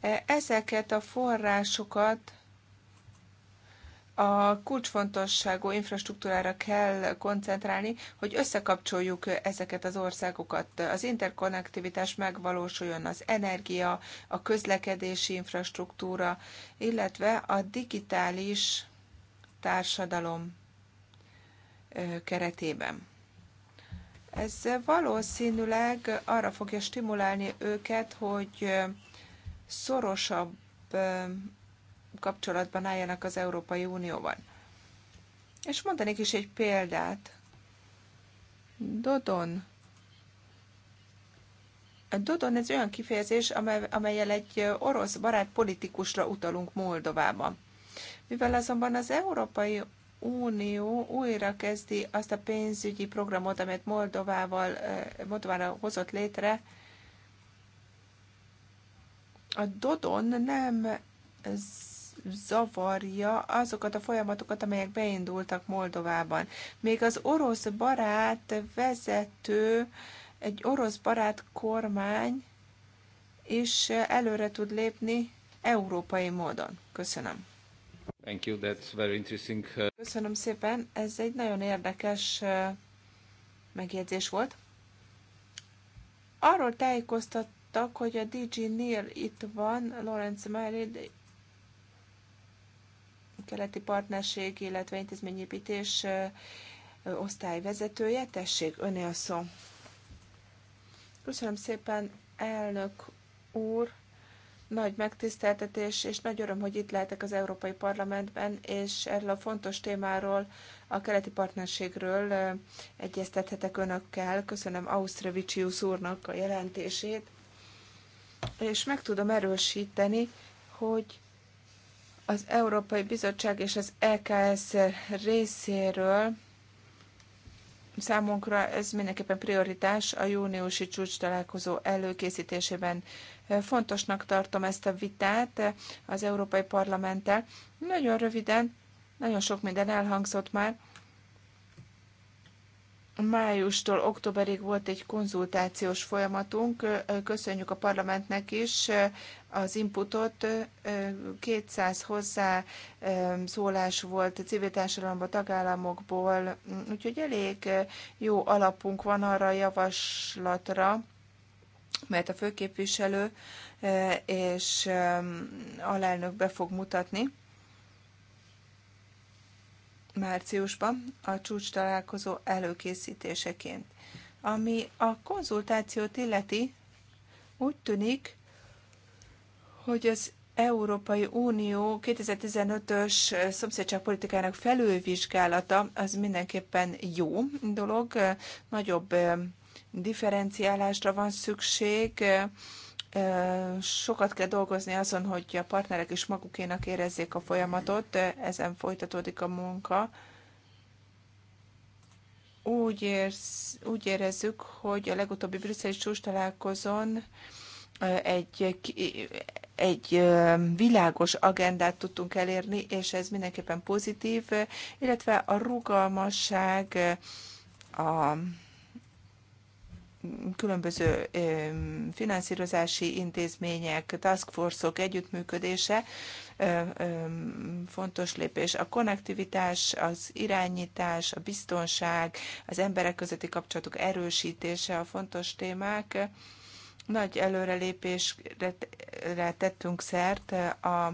E, ezeket a forrásokat a kulcsfontosságú infrastruktúrára kell koncentrálni, hogy összekapcsoljuk ezeket az országokat. Az interkonnektivitás megvalósuljon, az energia, a közlekedési infrastruktúra, illetve a digitális társadalom e, keretében. Ez valószínűleg arra fogja stimulálni őket, hogy szorosabb kapcsolatban álljanak az Európai Unióban. És mondanék is egy példát. Dodon. A Dodon ez olyan kifejezés, amely, amelyel egy orosz barát politikusra utalunk Moldovában. Mivel azonban az Európai Unió újra kezdi azt a pénzügyi programot, amit Moldovával, Moldovára hozott létre, a Dodon nem zavarja azokat a folyamatokat, amelyek beindultak Moldovában. Még az orosz barát vezető, egy orosz barát kormány is előre tud lépni európai módon. Köszönöm. Thank you, that's very interesting. Uh, Köszönöm szépen, ez egy nagyon érdekes uh, megjegyzés volt. Arról tájékoztat hallottak, hogy a DG Neil itt van, Lawrence Merid, keleti partnerség, illetve intézményépítés osztályvezetője. Tessék, öné a szó. Köszönöm szépen, elnök úr. Nagy megtiszteltetés, és nagy öröm, hogy itt lehetek az Európai Parlamentben, és erről a fontos témáról, a keleti partnerségről egyeztethetek önökkel. Köszönöm Ausztravicius úrnak a jelentését és meg tudom erősíteni, hogy az Európai Bizottság és az EKS részéről számunkra ez mindenképpen prioritás a júniusi csúcs találkozó előkészítésében. Fontosnak tartom ezt a vitát az Európai Parlamenttel. Nagyon röviden, nagyon sok minden elhangzott már, Májustól októberig volt egy konzultációs folyamatunk. Köszönjük a parlamentnek is az inputot. 200 hozzá szólás volt a civil társadalomban, tagállamokból, mm, úgyhogy elég jó alapunk van arra a javaslatra, mert a főképviselő és alelnök be fog mutatni márciusban a csúcs találkozó előkészítéseként. Ami a konzultációt illeti, úgy tűnik, hogy az Európai Unió 2015-ös szomszédságpolitikának felülvizsgálata az mindenképpen jó dolog, nagyobb differenciálásra van szükség, Sokat kell dolgozni azon, hogy a partnerek is magukénak érezzék a folyamatot, ezen folytatódik a munka. Úgy, érz, úgy érezzük, hogy a legutóbbi brüsszeli csúcs találkozón egy, egy világos agendát tudtunk elérni, és ez mindenképpen pozitív, illetve a rugalmasság, a különböző finanszírozási intézmények, task force -ok együttműködése fontos lépés. A konnektivitás, az irányítás, a biztonság, az emberek közötti kapcsolatok erősítése a fontos témák. Nagy előrelépésre tettünk szert a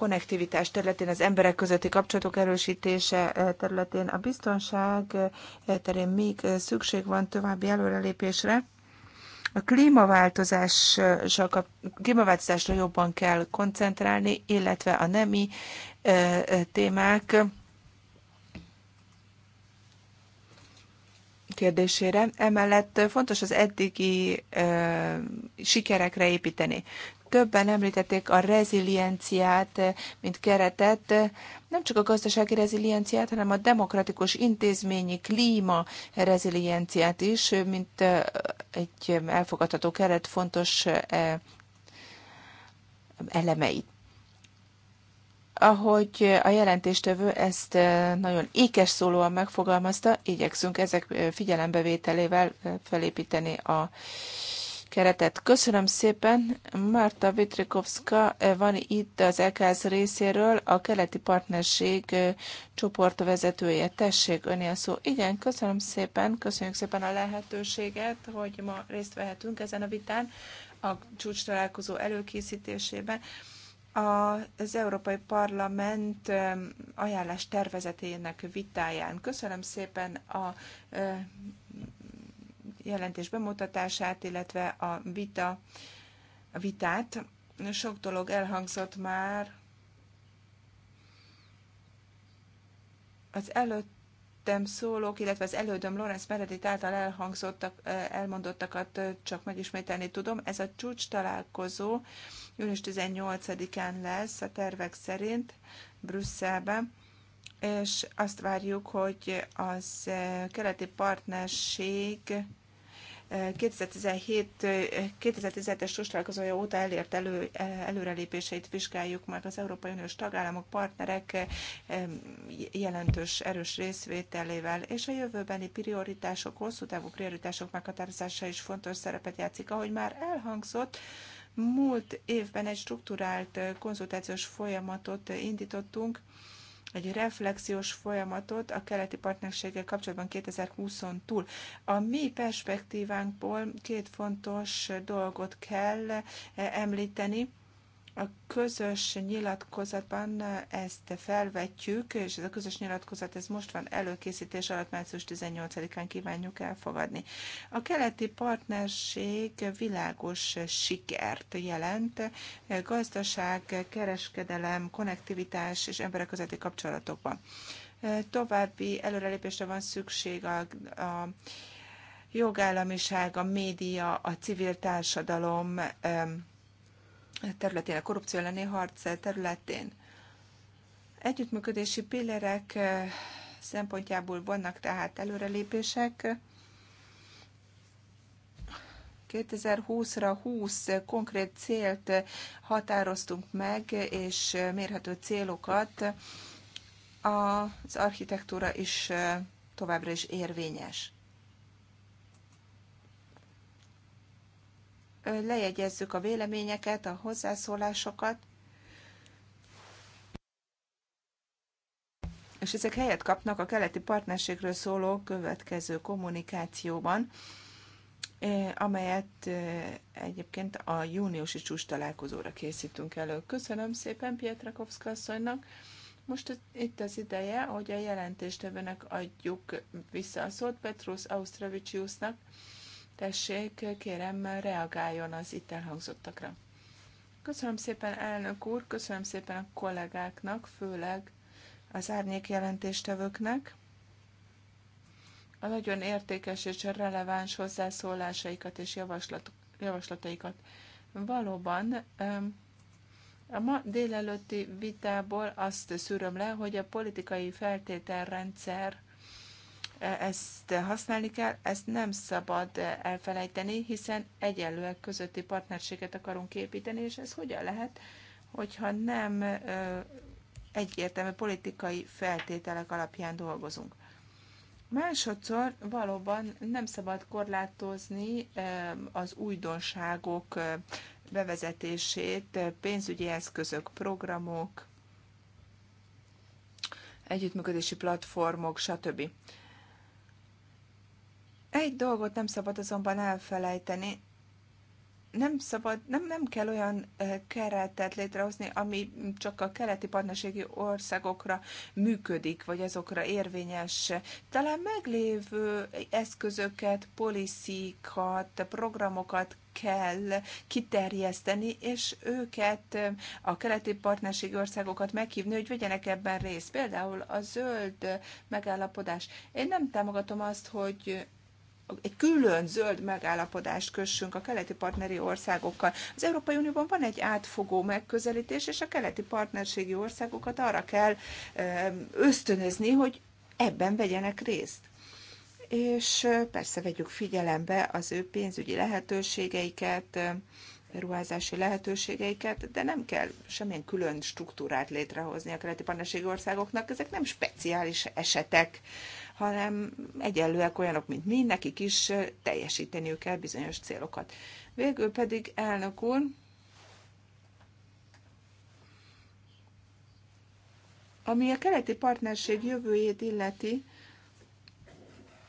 konnektivitás területén, az emberek közötti kapcsolatok erősítése eh, területén, a biztonság eh, terén még eh, szükség van további előrelépésre. A klímaváltozással, klímaváltozásra jobban kell koncentrálni, illetve a nemi témák kérdésére. Emellett fontos az eddigi sikerekre építeni. Többen említették a rezilienciát, eh, mint keretet, nem csak a gazdasági rezilienciát, hanem a demokratikus intézményi klíma rezilienciát is, eh, mint eh, egy elfogadható keret fontos elemeit ahogy a jelentéstövő ezt nagyon ékes szólóan megfogalmazta, igyekszünk ezek figyelembevételével felépíteni a keretet. Köszönöm szépen, Marta Vitrikovska eh, van itt az EKZ részéről, a keleti partnerség eh, csoportvezetője Tessék, öné a szó. Igen, köszönöm szépen, köszönjük szépen a lehetőséget, hogy ma részt vehetünk ezen a vitán a csúcs találkozó előkészítésében. Az Európai Parlament eh, ajánlás tervezetének vitáján. Köszönöm szépen a jelentés bemutatását, illetve a vita, a vitát. Sok dolog elhangzott már. Az előttem szólók, illetve az elődöm Lorenz Meredith által elhangzottak, elmondottakat csak megismételni tudom. Ez a csúcs találkozó június 18-án lesz a tervek szerint Brüsszelben és azt várjuk, hogy az keleti partnerség 2017-es sustrálkozója óta elért elő, előrelépéseit vizsgáljuk meg az Európai Uniós tagállamok, partnerek jelentős erős részvételével, és a jövőbeni prioritások, hosszú távú prioritások meghatározása is fontos szerepet játszik, ahogy már elhangzott. Múlt évben egy strukturált konzultációs folyamatot indítottunk, egy reflexiós folyamatot a keleti partnerséggel kapcsolatban 2020-on túl. A mi perspektívánkból két fontos dolgot kell eh, említeni a közös nyilatkozatban ezt felvetjük, és ez a közös nyilatkozat ez most van előkészítés alatt, március 18-án kívánjuk elfogadni. A keleti partnerség világos sikert jelent gazdaság, kereskedelem, konnektivitás és emberek közötti kapcsolatokban. További előrelépésre van szükség a, a jogállamiság, a média, a civil társadalom, területén, a korrupció elleni harc területén. Együttműködési pillérek eh, szempontjából vannak tehát előrelépések. 2020-ra 20 konkrét célt határoztunk meg, és mérhető célokat az architektúra is eh, továbbra is érvényes. lejegyezzük a véleményeket, a hozzászólásokat, és ezek helyet kapnak a keleti partnerségről szóló következő kommunikációban, eh, amelyet eh, egyébként a júniusi csúcs találkozóra készítünk elő. Köszönöm szépen Pietra asszonynak. Most itt az ideje, hogy a jelentéstevőnek adjuk vissza a szót Petrus Austravicsiusnak. Tessék, kérem, reagáljon az itt elhangzottakra. Köszönöm szépen, elnök úr, köszönöm szépen a kollégáknak, főleg az árnyék jelentéstevőknek. A nagyon értékes és releváns hozzászólásaikat és javaslat, javaslataikat. Valóban a ma délelőtti vitából azt szűröm le, hogy a politikai feltételrendszer ezt használni kell, ezt nem szabad elfelejteni, hiszen egyenlőek közötti partnerséget akarunk építeni, és ez hogyan lehet, hogyha nem egyértelmű politikai feltételek alapján dolgozunk. Másodszor valóban nem szabad korlátozni az újdonságok bevezetését, pénzügyi eszközök, programok, együttműködési platformok, stb. Egy dolgot nem szabad azonban elfelejteni. Nem szabad, nem, nem kell olyan keretet létrehozni, ami csak a keleti partnerségi országokra működik, vagy azokra érvényes. Talán meglévő eszközöket, poliszikat, programokat kell kiterjeszteni, és őket, a keleti partnerségi országokat meghívni, hogy vegyenek ebben részt. Például a zöld megállapodás. Én nem támogatom azt, hogy egy külön zöld megállapodást kössünk a keleti partneri országokkal. Az Európai Unióban van egy átfogó megközelítés, és a keleti partnerségi országokat arra kell ösztönözni, hogy ebben vegyenek részt és persze vegyük figyelembe az ő pénzügyi lehetőségeiket, beruházási lehetőségeiket, de nem kell semmilyen külön struktúrát létrehozni a keleti partnerségi országoknak, ezek nem speciális esetek, hanem egyenlőek olyanok, mint mi, nekik is teljesíteniük kell bizonyos célokat. Végül pedig, elnök úr, ami a keleti partnerség jövőjét illeti,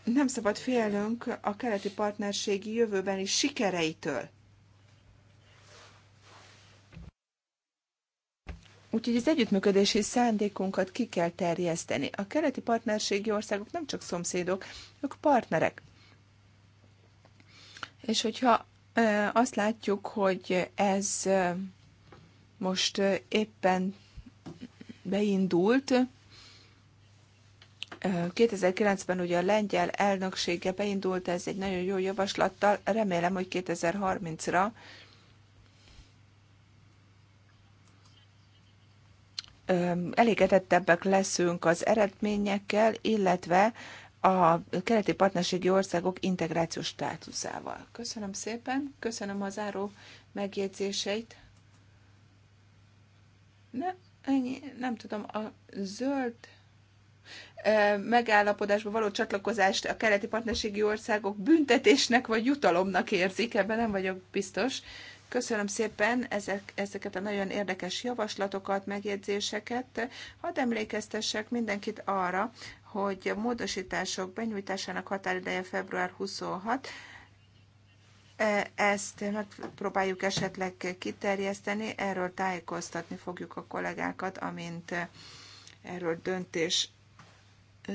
nem szabad félnünk a keleti partnerségi jövőbeni sikereitől Úgyhogy az együttműködési szándékunkat ki kell terjeszteni. A keleti partnerségi országok nem csak szomszédok, ők partnerek. És hogyha azt látjuk, hogy ez most éppen beindult, 2009-ben ugye a lengyel elnöksége beindult, ez egy nagyon jó javaslattal, remélem, hogy 2030-ra elégedettebbek leszünk az eredményekkel, illetve a keleti partnerségi országok integrációs státuszával. Köszönöm szépen, köszönöm a záró megjegyzéseit. Ne, ennyi, nem tudom, a zöld megállapodásba való csatlakozást a keleti partnerségi országok büntetésnek vagy jutalomnak érzik, ebben nem vagyok biztos. Köszönöm szépen ezek, ezeket a nagyon érdekes javaslatokat, megjegyzéseket. Hadd emlékeztessek mindenkit arra, hogy a módosítások benyújtásának határideje február 26, e, ezt megpróbáljuk esetleg kiterjeszteni, erről tájékoztatni fogjuk a kollégákat, amint erről döntés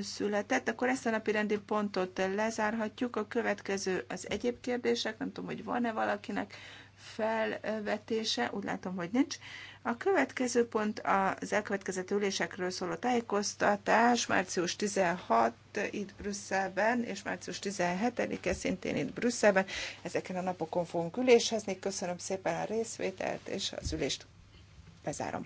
született. Akkor ezt a napi rendi pontot lezárhatjuk. A következő az egyéb kérdések, nem tudom, hogy van-e valakinek felvetése, úgy látom, hogy nincs. A következő pont az elkövetkezett ülésekről szóló tájékoztatás, március 16 itt Brüsszelben, és március 17-e szintén itt Brüsszelben. Ezeken a napokon fogunk üléshezni. Köszönöm szépen a részvételt, és az ülést bezárom.